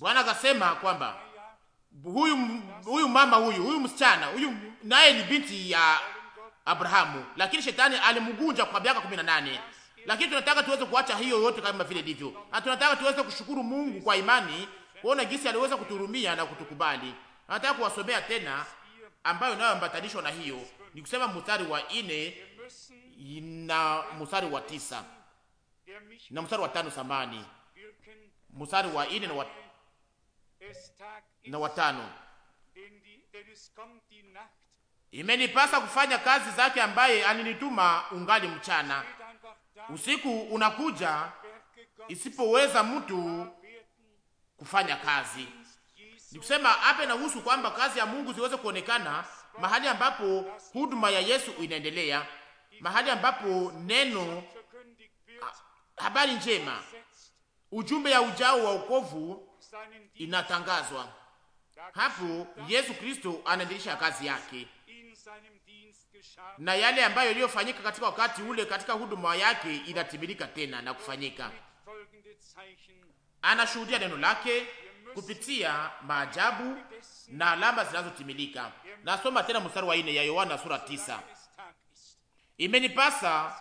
Bwana akasema kwamba huyu huyu mama huyu huyu msichana huyu naye ni binti ya Abrahamu, lakini shetani alimgunja kwa miaka kumi na nane. Lakini tunataka tuweze kuacha hiyo yote kama vile ndivyo, na tunataka tuweze kushukuru Mungu kwa imani kuona jinsi aliweza kutuhurumia na kutukubali anataka kuwasomea tena ambayo inayoambatanishwa na hiyo ni kusema mstari wa ine na mstari wa tisa na mstari wa tano samani mstari wa ine na wa, na watano. imenipasa kufanya kazi zake ambaye alinituma ungali mchana. Usiku unakuja isipoweza mtu kufanya kazi ni ape na husu kwamba kazi ya Mungu ziweze kuonekana mahali ambapo huduma ya Yesu inaendelea, mahali ambapo neno, habari njema, ujumbe ya ujao wa wokovu inatangazwa. Hapo Yesu Kristo anaendelesha kazi yake na yale ambayo iliyofanyika katika wakati ule katika huduma yake inatimilika tena na kufanyika. Anashuhudia neno lake kupitia maajabu na alama zinazotimilika. Nasoma tena mstari wa nne ya Yohana sura tisa. Imenipasa,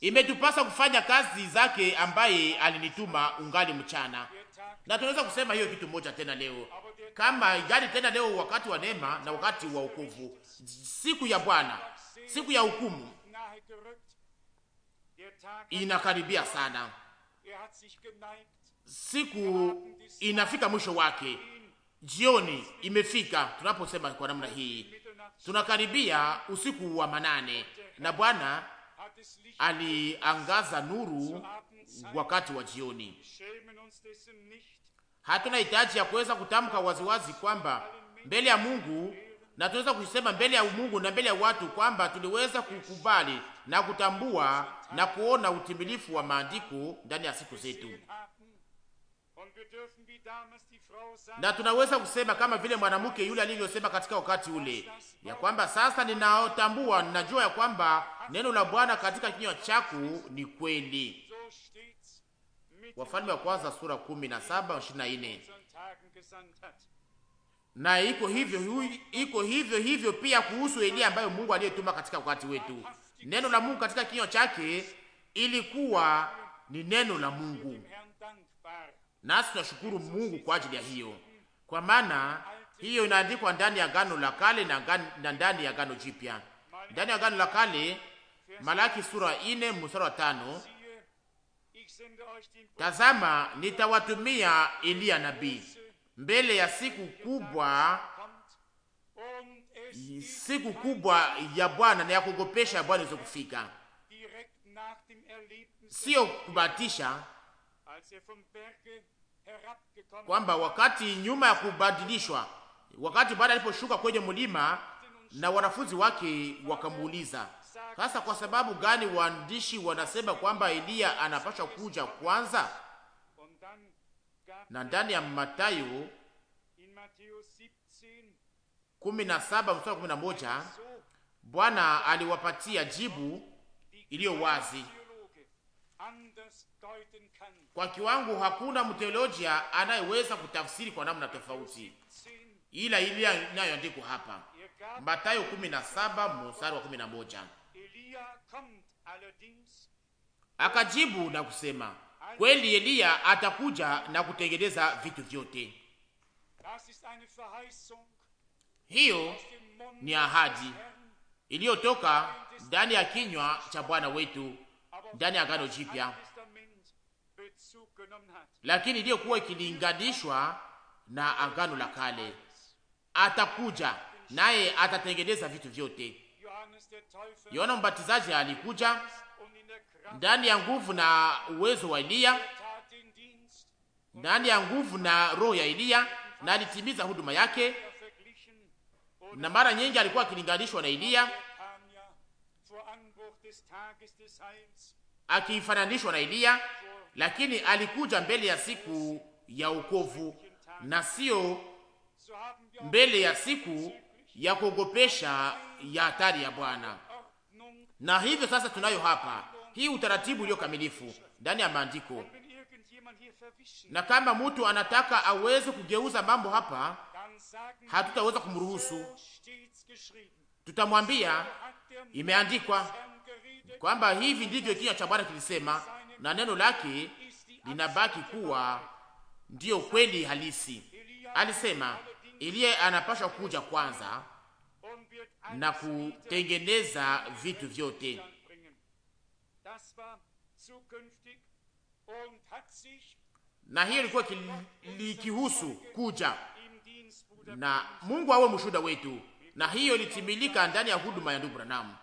imetupasa kufanya kazi zake ambaye alinituma ungali mchana. Na tunaweza kusema hiyo kitu moja tena leo, kama ijali tena leo, wakati wa neema na wakati wa ukovu siku ya Bwana, siku ya hukumu inakaribia sana siku inafika mwisho wake, jioni imefika. Tunaposema kwa namna hii, tunakaribia usiku wa manane, na Bwana aliangaza nuru wakati wa jioni. Hatuna hitaji ya kuweza kutamka waziwazi kwamba mbele ya Mungu na tunaweza kusema mbele ya Mungu na mbele ya watu kwamba tuliweza kukubali na kutambua na kuona utimilifu wa maandiko ndani ya siku zetu na tunaweza kusema kama vile mwanamke yule alivyosema katika wakati ule ya kwamba sasa ninaotambua, ninajua ya kwamba neno la Bwana katika kinywa chako ni kweli. Wafalme wa kwanza sura kumi na Na iko hivyo iko hivyo hivyo pia kuhusu Eliya ambayo Mungu aliyetuma katika wakati wetu. Neno la Mungu katika kinywa chake ilikuwa ni neno la Mungu nasi tunashukuru Mungu kwa ajili ya hiyo, kwa maana hiyo inaandikwa ndani ya gano la kale na ndani ya gano jipya. Ndani ya gano la kale, Malaki sura ine mstari wa tano tazama, nitawatumia Eliya nabii mbele ya siku kubwa, siku kubwa ya Bwana na ya kuogopesha ya Bwana kufika, sio kubatisha kwamba wakati nyuma ya kubadilishwa, wakati baada aliposhuka kwenye mlima na wanafunzi wake wakamuuliza, sasa kwa sababu gani waandishi wanasema kwamba Eliya anapaswa kuja kwanza? Na ndani ya Mathayo 17 mstari 11 Bwana aliwapatia jibu iliyo wazi. Kwa kiwangu hakuna mteolojia anayeweza kutafsiri kwa namna tofauti ila ile inayoandikwa hapa Mathayo 17 mstari wa 11. Akajibu na kusema, kweli Eliya atakuja na kutengeneza vitu vyote. Hiyo ni ahadi iliyotoka ndani ya kinywa cha Bwana wetu ndani ya Agano Jipya lakini iliyokuwa ikilinganishwa na agano la kale. Atakuja naye atatengeneza vitu vyote. Yohana Mbatizaji alikuja ndani ya nguvu na uwezo wa Eliya, ndani ya nguvu na roho ya Eliya, na alitimiza huduma yake, na mara nyingi alikuwa akilinganishwa na Eliya, akifananishwa na Eliya lakini alikuja mbele ya siku ya ukovu na sio mbele ya siku ya kuogopesha ya hatari ya Bwana. Na hivyo sasa tunayo hapa hii utaratibu ulio kamilifu ndani ya maandiko, na kama mtu anataka aweze kugeuza mambo hapa, hatutaweza kumruhusu. Tutamwambia imeandikwa kwamba hivi ndivyo kinywa cha Bwana kilisema na neno lake linabaki kuwa ndiyo kweli halisi. Alisema Eliya anapashwa kuja kwanza na kutengeneza vitu vyote. Na hiyo ilikuwa likihusu kuja na Mungu awe mshuhuda wetu, na hiyo ilitimilika ndani ya huduma ya ndugu Branham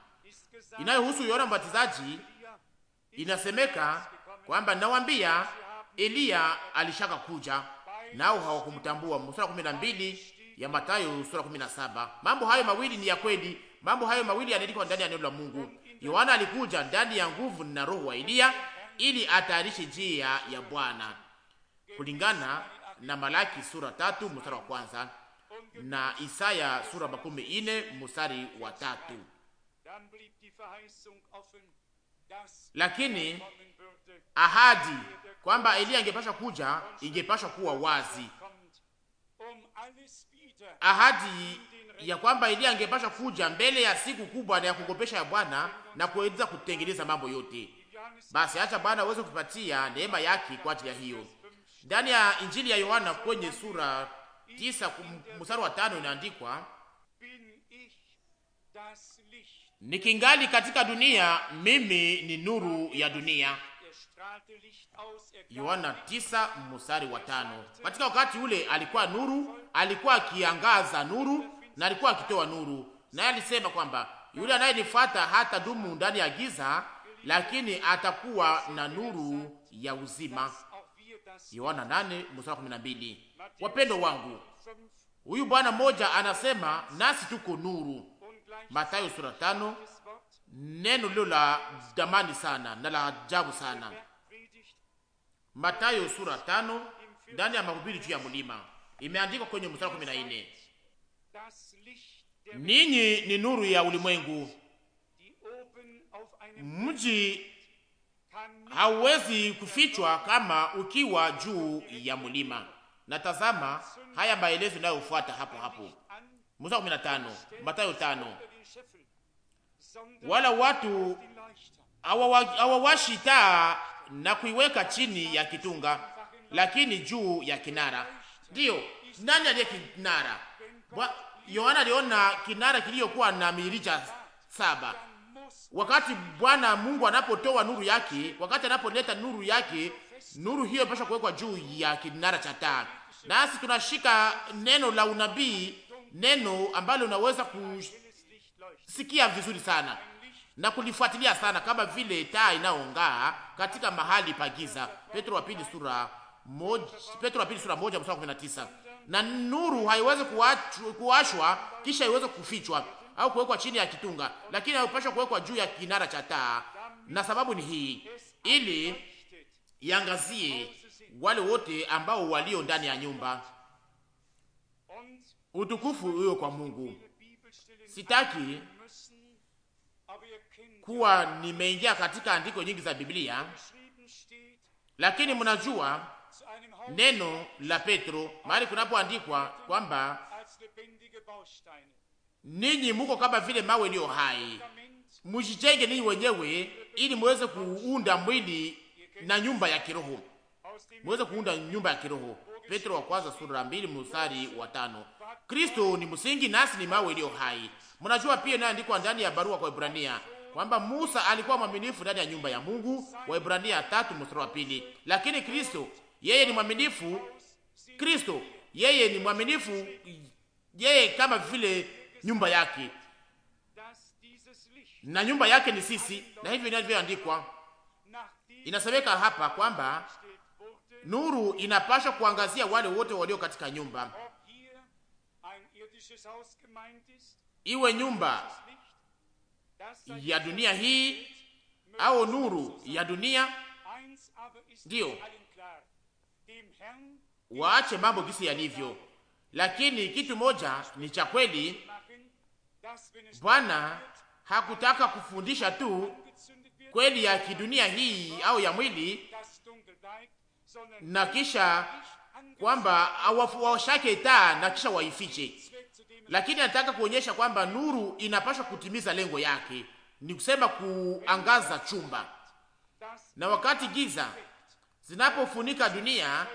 inayohusu Yohana Mbatizaji Inasemeka kwamba nawambia, Eliya alishaka kuja nao hawakumtambua. Mstari wa 12 ya Mathayo sura 17. Mambo hayo mawili ni ya kweli. Mambo hayo mawili yanaandikwa ndani ya neno la Mungu. Yohana alikuja ndani ya nguvu na roho wa Eliya ili atayarishe njia ya Bwana kulingana na Malaki sura tatu mstari wa kwanza na Isaya sura makumi ine mstari wa tatu lakini ahadi kwamba Eliya ingepasha kuja ingepashwa kuwa wazi. Ahadi ya kwamba Eliya angepasha kuja mbele ya siku kubwa na ya kukopesha ya Bwana na kuweza kutengeneza mambo yote. Basi acha Bwana aweze kutupatia neema yake kwa ajili ya hiyo. Ndani ya Injili ya Yohana kwenye sura tisa mstari wa tano inaandikwa nikingali katika dunia, mimi ni nuru ya dunia. Yohana tisa mstari wa tano. Katika wakati ule alikuwa nuru, alikuwa akiangaza nuru na alikuwa akitoa nuru, naye alisema kwamba yule anayenifuata hata dumu ndani ya giza, lakini atakuwa na nuru ya uzima. Yohana nane mstari kumi na mbili. Wapendo wangu, huyu Bwana mmoja anasema nasi tuko nuru Mathayo sura tano, neno lilo la damani sana na la ajabu sana. Mathayo sura tano ndani ya mahubiri juu ya mulima, imeandikwa kwenye mstari kumi na nne ninyi ni nuru ya ulimwengu, mji hauwezi kufichwa kama ukiwa juu ya mulima Na tazama haya maelezo inayofuata hapo hapo Musa 15, Matayo tano. Wala watu hawawashi taa na kuiweka chini ya kitunga, lakini juu ya kinara. Ndiyo, nani aliye kinara? Yohana aliona kinara kiliyokuwa na mirija saba. Wakati Bwana Mungu anapotoa nuru yake, wakati anapoleta nuru yake, nuru hiyo inapaswa kuwekwa juu ya kinara cha taa. Nasi tunashika neno la unabii neno ambalo unaweza kusikia vizuri sana na kulifuatilia sana kama vile taa inaong'aa katika mahali pa giza. Petro wa pili sura moja, Petro wa pili sura moja mstari wa tisa. Na nuru haiwezi kuwashwa kisha iweze kufichwa au kuwekwa chini ya kitunga, lakini haipashwa kuwekwa juu ya kinara cha taa, na sababu ni hii, ili iangazie wale wote ambao walio ndani ya nyumba. Utukufu huyo kwa Mungu. Sitaki kuwa nimeingia katika andiko nyingi za Biblia, lakini mnajua neno la Petro mahali kunapoandikwa kwamba ninyi muko kama vile mawe iliyo hai, mujijenge ninyi wenyewe ili muweze kuunda mwili na nyumba ya kiroho, muweze kuunda nyumba ya kiroho Petro wa kwanza sura mbili mstari wa tano. Kristo ni msingi nasi ni mawe iliyo hai. Mnajua pia inayoandikwa ndani ya barua kwa Ibrania kwamba Musa alikuwa mwaminifu ndani ya nyumba ya Mungu, wa Ibrania tatu mstari wa pili. Lakini Kristo yeye ni mwaminifu, Kristo yeye ni mwaminifu, yeye kama vile nyumba yake na nyumba yake ni sisi, na hivyo inavyoandikwa, inasemeka hapa kwamba nuru inapasha kuangazia wale wote walio katika nyumba, iwe nyumba ya dunia hii au nuru ya dunia. Ndiyo, waache mambo gisi yalivyo, lakini kitu moja ni cha kweli. Bwana hakutaka kufundisha tu kweli ya kidunia hii au ya mwili na kisha kwamba washake taa na kisha waifiche, lakini anataka kuonyesha kwamba nuru inapaswa kutimiza lengo yake, ni kusema kuangaza chumba. Na wakati giza zinapofunika dunia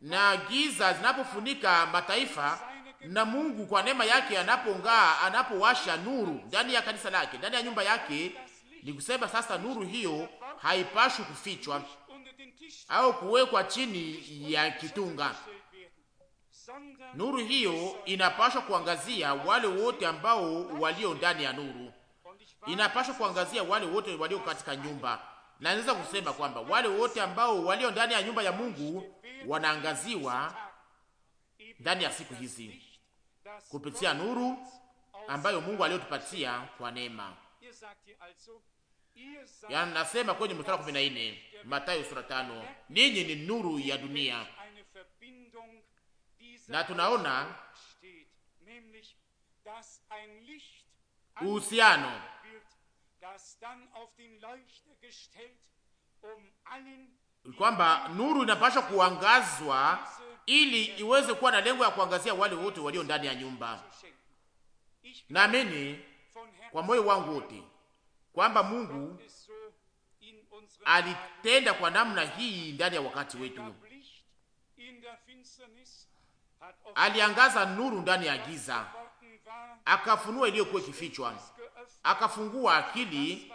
na giza zinapofunika mataifa na Mungu kwa neema yake anapong'aa, anapowasha nuru ndani ya kanisa lake, ndani ya nyumba yake, ni kusema sasa nuru hiyo haipashwi kufichwa, au kuwekwa chini ya kitunga. Nuru hiyo inapashwa kuangazia wale wote ambao walio ndani ya nuru, inapashwa kuangazia wale wote walio katika nyumba, na naweza kusema kwamba wale wote ambao walio ndani ya nyumba ya Mungu wanaangaziwa ndani ya siku hizi kupitia nuru ambayo Mungu aliyotupatia kwa neema nasema kwenye mstari wa 14 Mathayo sura 5, ninyi ni nuru ya dunia. Na tunaona uhusiano kwamba nuru inapaswa kuangazwa ili iweze kuwa na lengo ya kuangazia wale wote walio ndani ya nyumba. Naamini kwa moyo wangu wote kwamba Mungu alitenda kwa namna hii ndani ya wakati wetu. Aliangaza nuru ndani ya giza, akafunua iliyokuwa kifichwa akafungua akili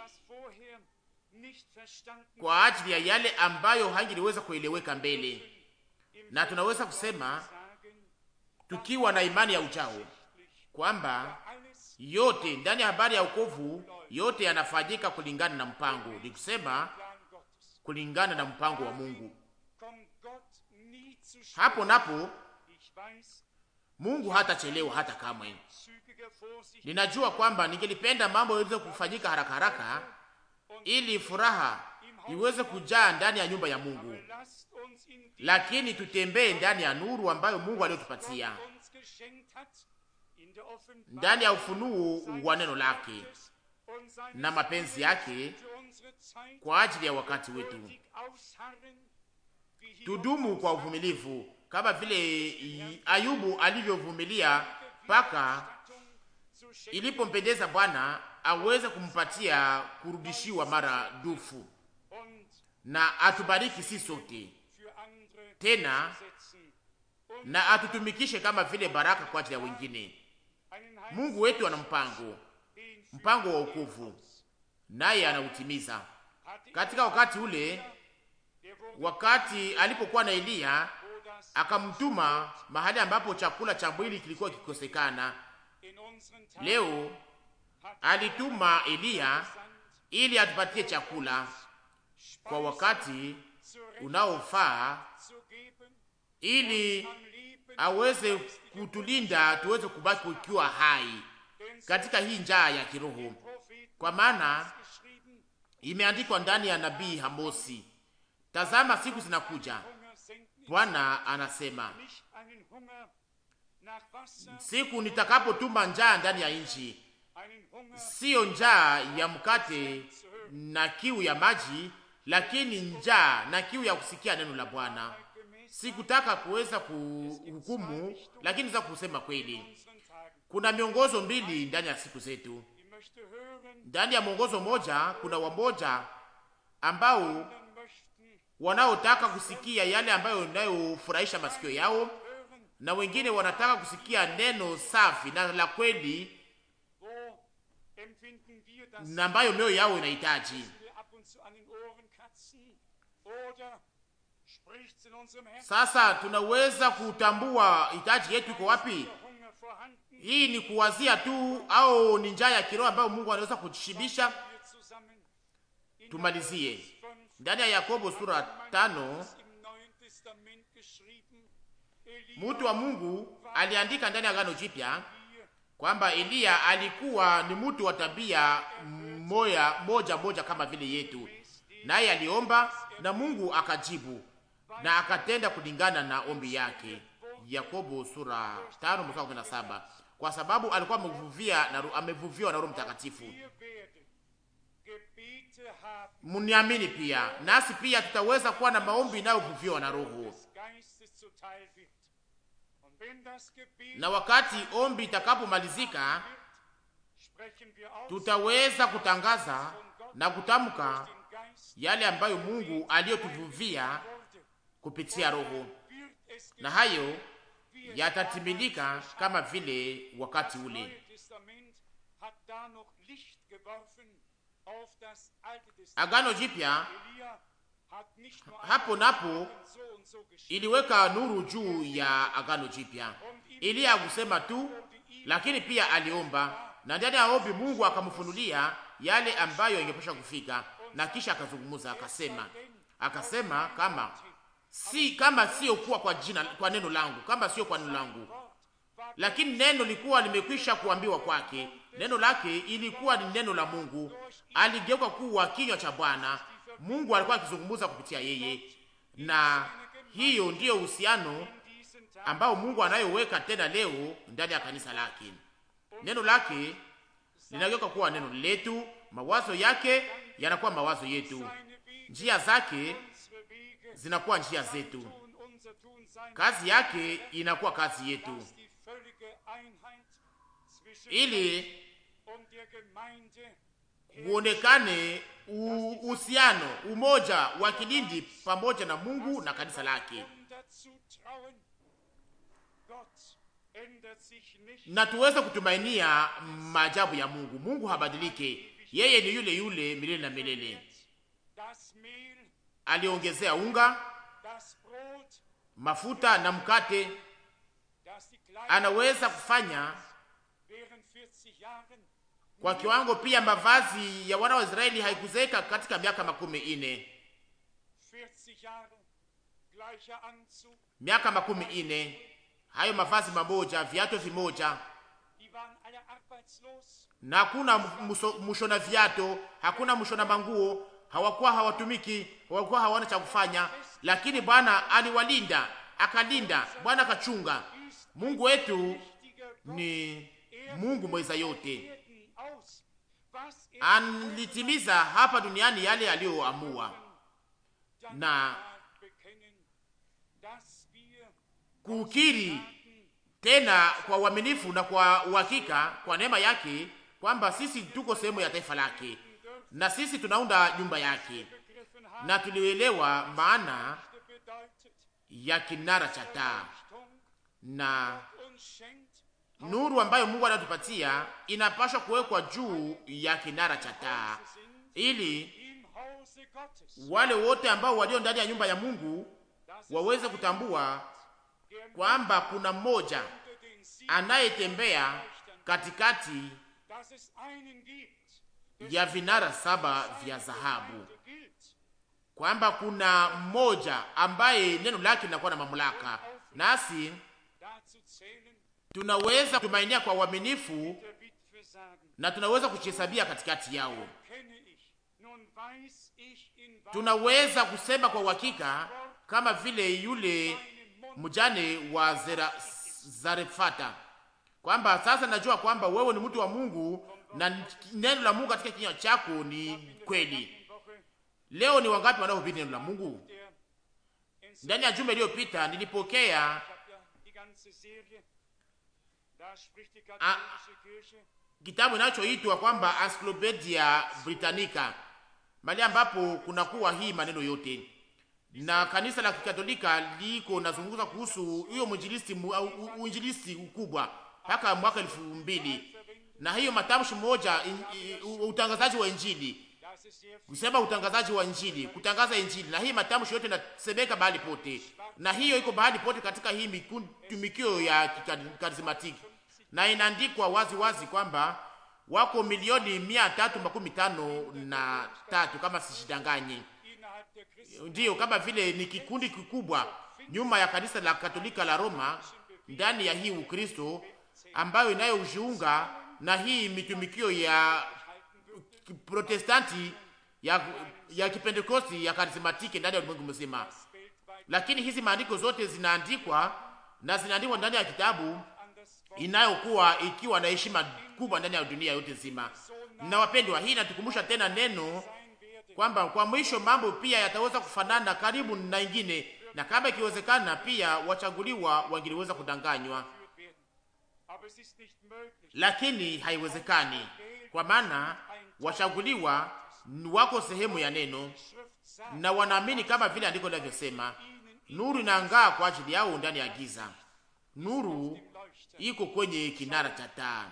kwa ajili ya yale ambayo hangiliweza kueleweka mbele, na tunaweza kusema tukiwa na imani ya ujao kwamba yote ndani ya habari ya wokovu yote yanafanyika kulingana na mpango, ni kusema kulingana na mpango wa Mungu. Hapo napo Mungu hatachelewa hata kamwe. Ninajua kwamba ningelipenda mambo yaweze kufanyika haraka haraka, ili furaha iweze kujaa ndani ya nyumba ya Mungu, lakini tutembee ndani ya nuru ambayo Mungu aliyotupatia ndani ya ufunuo wa neno lake na mapenzi yake kwa ajili ya wakati wetu. Tudumu kwa uvumilivu kama vile Ayubu alivyovumilia mpaka ilipompendeza Bwana aweze kumpatia kurudishiwa mara dufu, na atubariki sisi sote tena, na atutumikishe kama vile baraka kwa ajili ya wengine. Mungu wetu ana mpango, mpango wa wokovu, naye anautimiza. Katika wakati ule, wakati alipokuwa na Eliya akamtuma mahali ambapo chakula cha mwili kilikuwa kikosekana leo alituma Eliya ili atupatie chakula kwa wakati unaofaa ili aweze kutulinda tuweze kubaki ukiwa hai katika hii njaa ya kiroho, kwa maana imeandikwa ndani ya nabii Hamosi, tazama siku zinakuja, Bwana anasema, siku nitakapotuma njaa ndani ya nchi, siyo njaa ya mkate na kiu ya maji, lakini njaa na kiu ya kusikia neno la Bwana sikutaka kuweza kuhukumu, lakini za kusema kweli, kuna miongozo mbili ndani ya siku zetu. Ndani ya mwongozo moja kuna wamoja ambao wanaotaka kusikia yale ambayo inayofurahisha masikio yao, na wengine wanataka kusikia neno safi na la kweli na ambayo mioyo yao inahitaji sasa tunaweza kutambua hitaji yetu iko wapi? Hii ni kuwazia tu au ni njaa ya kiroho ambayo Mungu anaweza kushibisha? Tumalizie ndani ya Yakobo sura tano. Mtu wa Mungu aliandika ndani ya Agano Jipya kwamba Eliya alikuwa ni mtu wa tabia moja moja kama vile yetu, naye aliomba na Mungu akajibu na akatenda kulingana na ombi yake. Yakobo sura 5 mstari wa saba. kwa sababu alikuwa amevuvia na amevuviwa na Roho Mtakatifu. Mniamini pia nasi pia tutaweza kuwa na maombi inayovuviwa na Roho, na wakati ombi itakapomalizika tutaweza kutangaza na kutamka yale ambayo Mungu aliyotuvuvia kupitia Roho, na hayo yatatimilika kama vile wakati ule. Agano Jipya hapo napo iliweka nuru juu ya Agano Jipya. Eliya akusema tu, lakini pia aliomba, na ndani ya ombi Mungu akamfunulia yale ambayo ingepasha kufika, na kisha akazungumza, akasema akasema kama si kama sio kuwa kwa jina kwa neno langu, kama sio kwa neno langu, lakini neno likuwa limekwisha kuambiwa kwake. Neno lake ilikuwa ni neno la Mungu, aligeuka kuwa kinywa cha Bwana Mungu. Alikuwa akizungumza kupitia yeye, na hiyo ndiyo uhusiano ambao Mungu anayoweka tena leo ndani ya kanisa lake. Neno lake linageuka kuwa neno letu, mawazo yake yanakuwa mawazo yetu, njia zake zinakuwa njia zetu, kazi yake inakuwa kazi yetu, ili uonekane uhusiano umoja wa kilindi pamoja na Mungu na kanisa lake, na tuweze kutumainia maajabu ya Mungu. Mungu habadilike, yeye ni yule yule milele na milele aliongezea unga, mafuta na mkate. Anaweza kufanya kwa kiwango pia mavazi ya wana wa Israeli haikuzeeka katika miaka makumi ine miaka makumi ine hayo mavazi mamoja, viatu vimoja, na hakuna mshona viatu, hakuna mshona manguo, hawakuwa hawatumiki walikuwa hawana cha kufanya, lakini Bwana aliwalinda, akalinda, Bwana akachunga. Mungu wetu ni Mungu mweza yote, alitimiza hapa duniani yale aliyoamua na kukiri tena kwa uaminifu na kwa uhakika kwa neema yake kwamba sisi tuko sehemu ya taifa lake na sisi tunaunda nyumba yake na tulielewa maana ya kinara cha taa na nuru ambayo Mungu anatupatia inapaswa kuwekwa juu ya kinara cha taa, ili wale wote ambao walio ndani ya nyumba ya Mungu waweze kutambua kwamba kuna mmoja anayetembea katikati ya vinara saba vya dhahabu kwamba kuna mmoja ambaye neno lake linakuwa na mamlaka, nasi tunaweza kutumainia kwa uaminifu na tunaweza kujihesabia katikati yao. Tunaweza kusema kwa uhakika kama vile yule mjane wa Zera, Zarefata kwamba sasa najua kwamba wewe ni mtu wa Mungu na neno la Mungu katika kinywa chako ni kweli. Leo ni wangapi wanaohubiri neno la Mungu? Ndani ya juma iliyopita nilipokea ah, kitabu inachoitwa kwamba Encyclopedia Britannica, mahali ambapo kunakuwa hii maneno yote, na kanisa la Kikatolika liko nazunguza kuhusu hiyo uinjilisti ukubwa mpaka mwaka elfu mbili na hiyo matamshi moja utangazaji wa Injili kusema utangazaji wa Injili, kutangaza Injili. Na hii matamshi yote inasemeka bahali pote, na hiyo iko bahali pote katika hii mitumikio ya karismatiki, na inaandikwa wazi wazi kwamba wako milioni mia tatu makumi tano na tatu kama sishidanganye, ndiyo kama vile ni kikundi kikubwa nyuma ya kanisa la Katolika la Roma ndani ya hii Ukristo ambayo inayojiunga na hii mitumikio ya Protestanti ya, ya Kipentekosti ya karismatiki ndani ya ulimwengu mzima. Lakini hizi maandiko zote zinaandikwa na zinaandikwa ndani ya kitabu inayokuwa ikiwa na heshima kubwa ndani ya dunia yote nzima. Na wapendwa, hii inatukumbusha tena neno kwamba kwa mwisho mambo pia yataweza kufanana karibu na ingine, na kama ikiwezekana pia wachaguliwa wangeliweza kudanganywa, lakini haiwezekani, kwa maana wachaguliwa wako sehemu ya neno na wanaamini kama vile andiko linavyosema, nuru inaangaa kwa ajili yao ndani ya giza. Nuru iko kwenye kinara cha taa.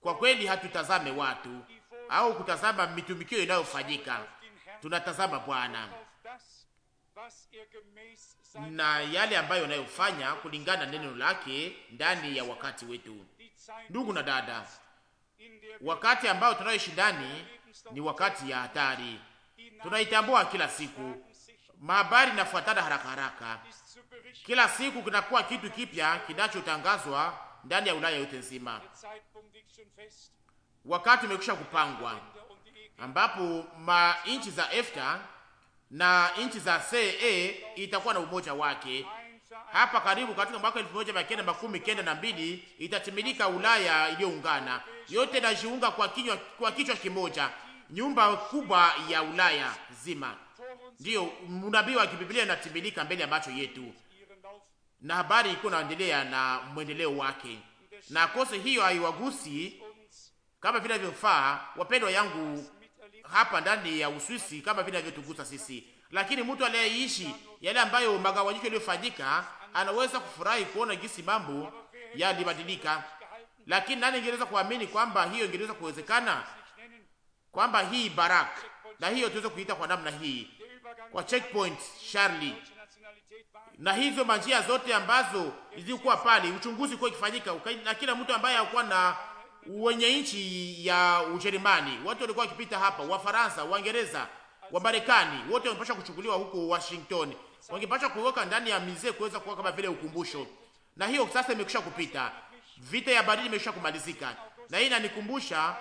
Kwa kweli, hatutazame watu au kutazama mitumikio inayofanyika, tunatazama Bwana na yale ambayo anayofanya kulingana na neno lake ndani ya wakati wetu. Ndugu na dada, Wakati ambao tunaoishi ndani ni wakati ya hatari, tunaitambua kila siku. Mahabari inafuatana haraka haraka, kila siku kinakuwa kitu kipya kinachotangazwa ndani ya Ulaya yote nzima. Wakati umekwisha kupangwa ambapo ma nchi za EFTA na nchi za CE itakuwa na umoja wake hapa karibu katika mwaka elfu moja mia kenda makumi kenda na mbili itatimilika Ulaya iliyoungana yote, najiunga kwa kinywa kwa kichwa kimoja, nyumba kubwa ya Ulaya zima. Ndiyo mnabii wa kibiblia inatimilika mbele ya macho yetu, na habari iko naendelea na mwendeleo wake, na kose hiyo haiwagusi kama vile vinavyofaa, wapendwa yangu, hapa ndani ya Uswisi, kama vile vinavyotugusa sisi lakini mtu aliyeishi yale ambayo magawanyiko yaliyofanyika anaweza kufurahi kuona jinsi mambo yalibadilika. Lakini nani ingeweza kuamini kwamba hiyo ingeweza kuwezekana, kwamba hii barak na hiyo tuweze kuita kwa namna hii, kwa checkpoint Charlie na hizo manjia zote ambazo zilikuwa pale, uchunguzi kwa ikifanyika na kila mtu ambaye hakuwa na wenye nchi ya Ujerumani, watu walikuwa wakipita hapa, Wafaransa, Waingereza wa Marekani wote wanapaswa kuchukuliwa huko Washington, wangepaswa kuweka ndani ya mizee kuweza kuwa kama vile ukumbusho, na hiyo sasa imekwisha kupita. Vita ya baridi imekwisha kumalizika, na hii inanikumbusha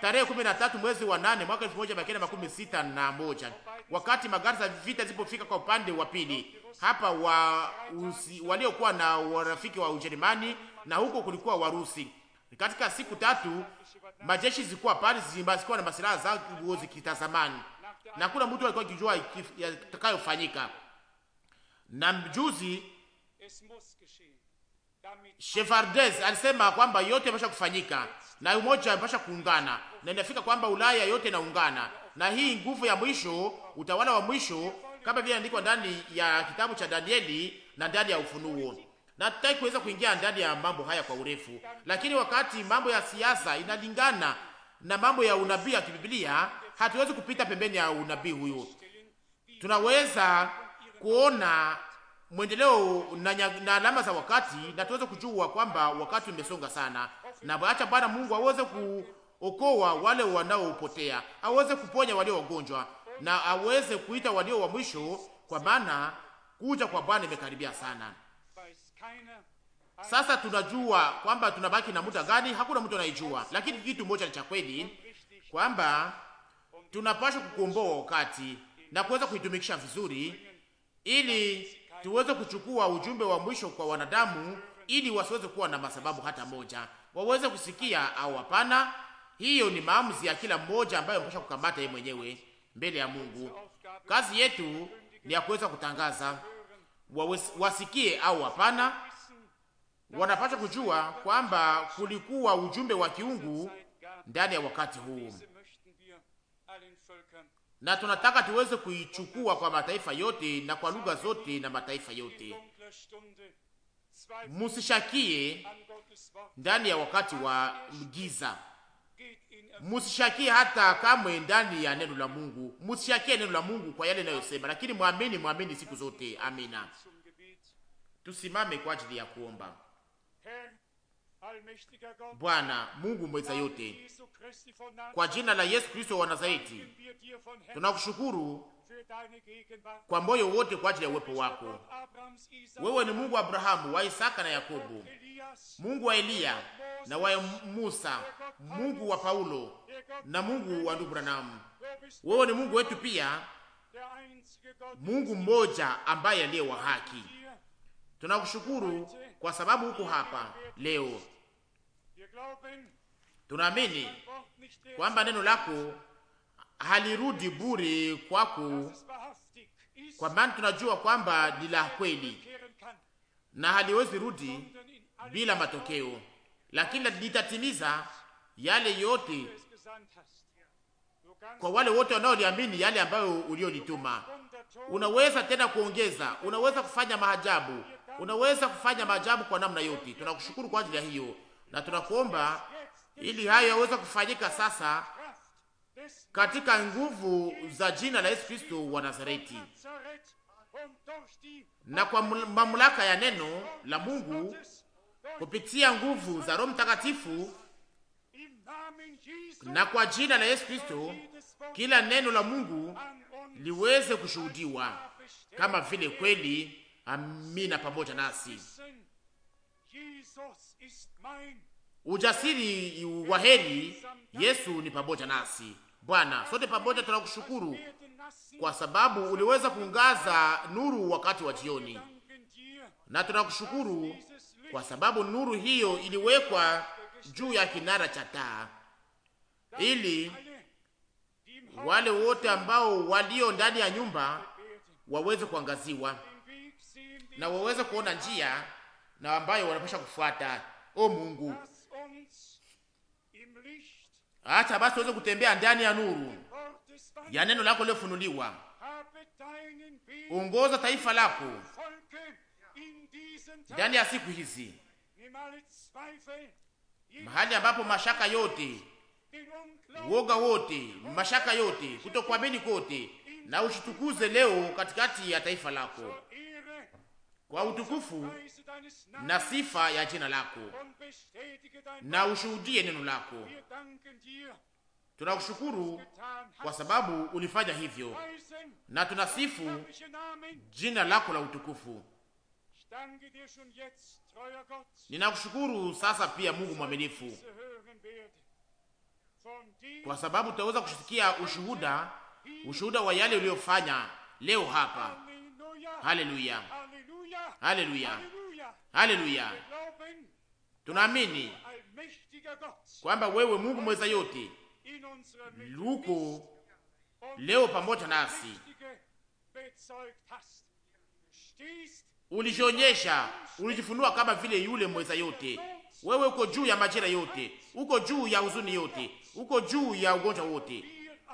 tarehe 13 mwezi wa 8 mwaka na moja wakati magari za vita zilipofika kwa upande wa pili hapa wa waliokuwa na warafiki wa Ujerumani na huko kulikuwa Warusi. Katika siku tatu majeshi zilikuwa pale, zilikuwa na masilaha zao zikitazamani na kuna mtu alikuwa akijua itakayofanyika. Na mjuzi Shefardes alisema kwamba yote yamesha kufanyika na umoja imepasha kuungana, na inafika kwamba Ulaya yote inaungana na hii nguvu ya mwisho, utawala wa mwisho, kama vile andikwa ndani ya kitabu cha Danieli na ndani ya Ufunuo. Na tutaki kuweza kuingia ndani ya mambo haya kwa urefu, lakini wakati mambo ya siasa inalingana na mambo ya unabii ya kibiblia hatuwezi kupita pembeni ya unabii huyo. Tunaweza kuona mwendeleo na, na alama za wakati na tuweze kujua kwamba wakati umesonga sana, na acha Bwana Mungu aweze kuokoa wale wanaopotea, aweze kuponya walio wagonjwa, na aweze kuita walio wa mwisho, kwa maana kuja kwa Bwana imekaribia sana. Sasa tunajua kwamba tunabaki na muda gani? Hakuna mtu anayejua, lakini kitu moja ni cha kweli kwamba tunapaswa kukomboa wakati na kuweza kuitumikisha vizuri, ili tuweze kuchukua ujumbe wa mwisho kwa wanadamu, ili wasiweze kuwa na masababu hata moja, waweze kusikia au hapana. Hiyo ni maamuzi ya kila mmoja ambayo amepasha kukamata yeye mwenyewe mbele ya Mungu. Kazi yetu ni ya kuweza kutangaza wawes, wasikie au hapana. Wanapaswa kujua kwamba kulikuwa ujumbe wa kiungu ndani ya wakati huu na tunataka tuweze kuichukua kwa mataifa yote na kwa lugha zote na mataifa yote. Musishakie ndani ya wakati wa giza, musishakie hata kamwe ndani ya neno la Mungu, musishakie neno la Mungu kwa yale inayosema, lakini mwamini, mwamini siku zote. Amina. Tusimame kwa ajili ya kuomba. Bwana Mungu mweza yote, kwa jina la Yesu Kristo wa Nazareti tunakushukuru kwa moyo wote kwa ajili ya uwepo wako. Wewe ni Mungu wa Abrahamu, wa Isaka na Yakobo, Mungu wa Eliya na wa Musa, Mungu wa Paulo na Mungu wa ndugu Branamu. Wewe ni Mungu wetu pia, Mungu mmoja ambaye aliye wa haki. Tunakushukuru kwa sababu uko hapa leo. Tunaamini kwamba neno lako halirudi bure kwako, kwa maana tunajua kwamba ni la kweli na haliwezi rudi bila matokeo, lakini litatimiza yale yote kwa wale wote wanaoliamini yale ambayo uliolituma. Unaweza tena kuongeza, unaweza kufanya maajabu, Unaweza kufanya maajabu kwa namna yote. Tunakushukuru kwa ajili ya hiyo, na tunakuomba ili hayo yaweze kufanyika sasa katika nguvu za jina la Yesu Kristo wa Nazareti na kwa mamlaka ya neno la Mungu kupitia nguvu za Roho Mtakatifu na kwa jina la Yesu Kristo, kila neno la Mungu liweze kushuhudiwa kama vile kweli Amina pamoja nasi. Ujasiri wa heri, Yesu ni pamoja nasi. Bwana, sote pamoja tunakushukuru kwa sababu uliweza kuungaza nuru wakati wa jioni, na tunakushukuru kwa sababu nuru hiyo iliwekwa juu ya kinara cha taa ili wale wote ambao walio ndani ya nyumba waweze kuangaziwa na waweze kuona njia na ambayo wanapasha kufuata. O Mungu, acha basi tuweze kutembea ndani ya nuru ya neno lako lilofunuliwa. Ongoza taifa lako ndani ya siku hizi, mahali ambapo mashaka yote, woga wote, mashaka yote, kutokuamini kote, na ushitukuze leo katikati ya taifa lako kwa utukufu na sifa ya jina lako, na ushuhudie neno lako. Tunakushukuru kwa sababu ulifanya hivyo, na tunasifu jina lako la utukufu. Ninakushukuru sasa pia, Mungu mwaminifu, kwa sababu tutaweza kusikia ushuhuda, ushuhuda wa yale uliyofanya leo hapa. Haleluya! Haleluya, haleluya. Tunaamini kwamba wewe Mungu mweza yote luko leo pamoja nasi ulijionyesha, ulijifunua kama vile yule mweza yote. Wewe uko juu ya majira yote, uko juu ya huzuni yote, uko juu ya ugonjwa wote,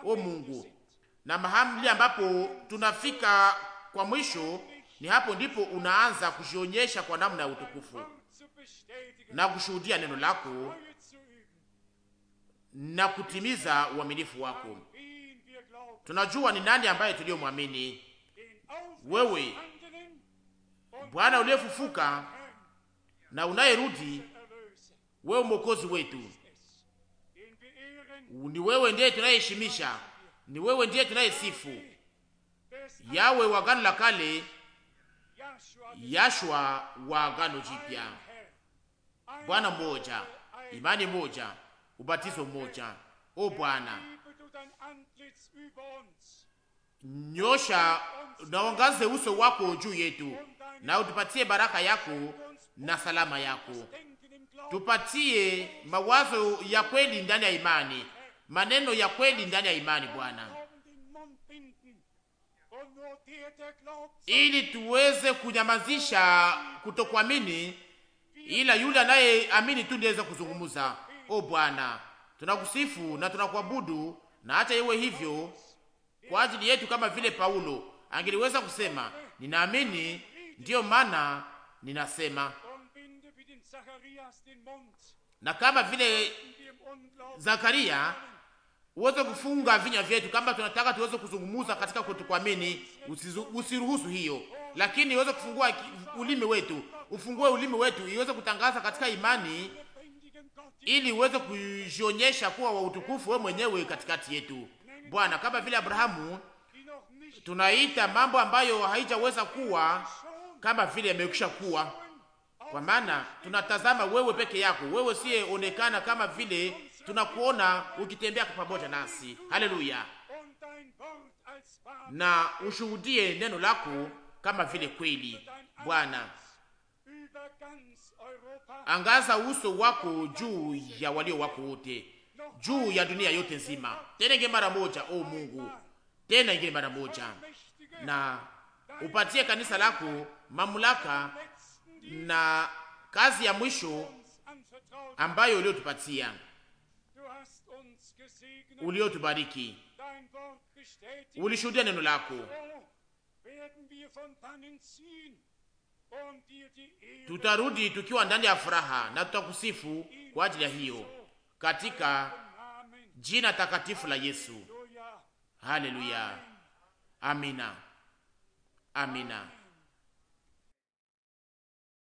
o Mungu, na mahali ambapo tunafika kwa mwisho ni hapo ndipo unaanza kujionyesha kwa namna ya utukufu na kushuhudia neno lako na kutimiza uaminifu wako. Tunajua ni nani ambaye tuliyomwamini wewe, Bwana uliyefufuka na unayerudi, wewe mwokozi wetu. Ni wewe ndiye tunayeheshimisha, ni wewe ndiye tunayesifu. Yawe wagano la Kale Yashua wa Agano Jipya, Bwana mmoja, imani moja, ubatizo mmoja. O Bwana, nyosha naongaze uso wako juu yetu, na utupatie baraka yako na salama yako. Tupatie mawazo ya kweli ndani ya imani, maneno ya kweli ndani ya imani, Bwana ili tuweze kunyamazisha kutokuamini, ila yule anayeamini tu ndiweza kuzungumza. O Bwana, tunakusifu na tunakuabudu, na hata iwe hivyo kwa ajili yetu, kama vile Paulo angeliweza kusema ninaamini, ndiyo maana ninasema, na kama vile Zakaria uweze kufunga vinywa vyetu kama tunataka tuweze kuzungumuza katika kutukuamini. Usiruhusu hiyo, lakini uweze kufungua ulimi wetu, ufungue ulimi wetu iweze kutangaza katika imani, ili uweze kujionyesha kuwa wa utukufu wewe mwenyewe katikati yetu, Bwana, kama vile Abrahamu. Tunaita mambo ambayo haijaweza kuwa kama vile yamekwisha kuwa, kwa maana tunatazama wewe peke yako, wewe siyeonekana kama vile tunakuona ukitembea pamoja nasi. Haleluya! na ushuhudie neno lako kama vile kweli. Bwana, angaza uso wako juu ya walio wako wote, juu ya dunia yote nzima. Tena ingine mara moja, o Mungu, tena ingine mara moja, na upatie kanisa lako mamlaka na kazi ya mwisho ambayo uliotupatia uliotubariki, ulishuhudia neno lako, tutarudi tukiwa ndani ya furaha na tutakusifu kwa ajili ya hiyo, katika jina takatifu la Yesu. Haleluya, amina, amina.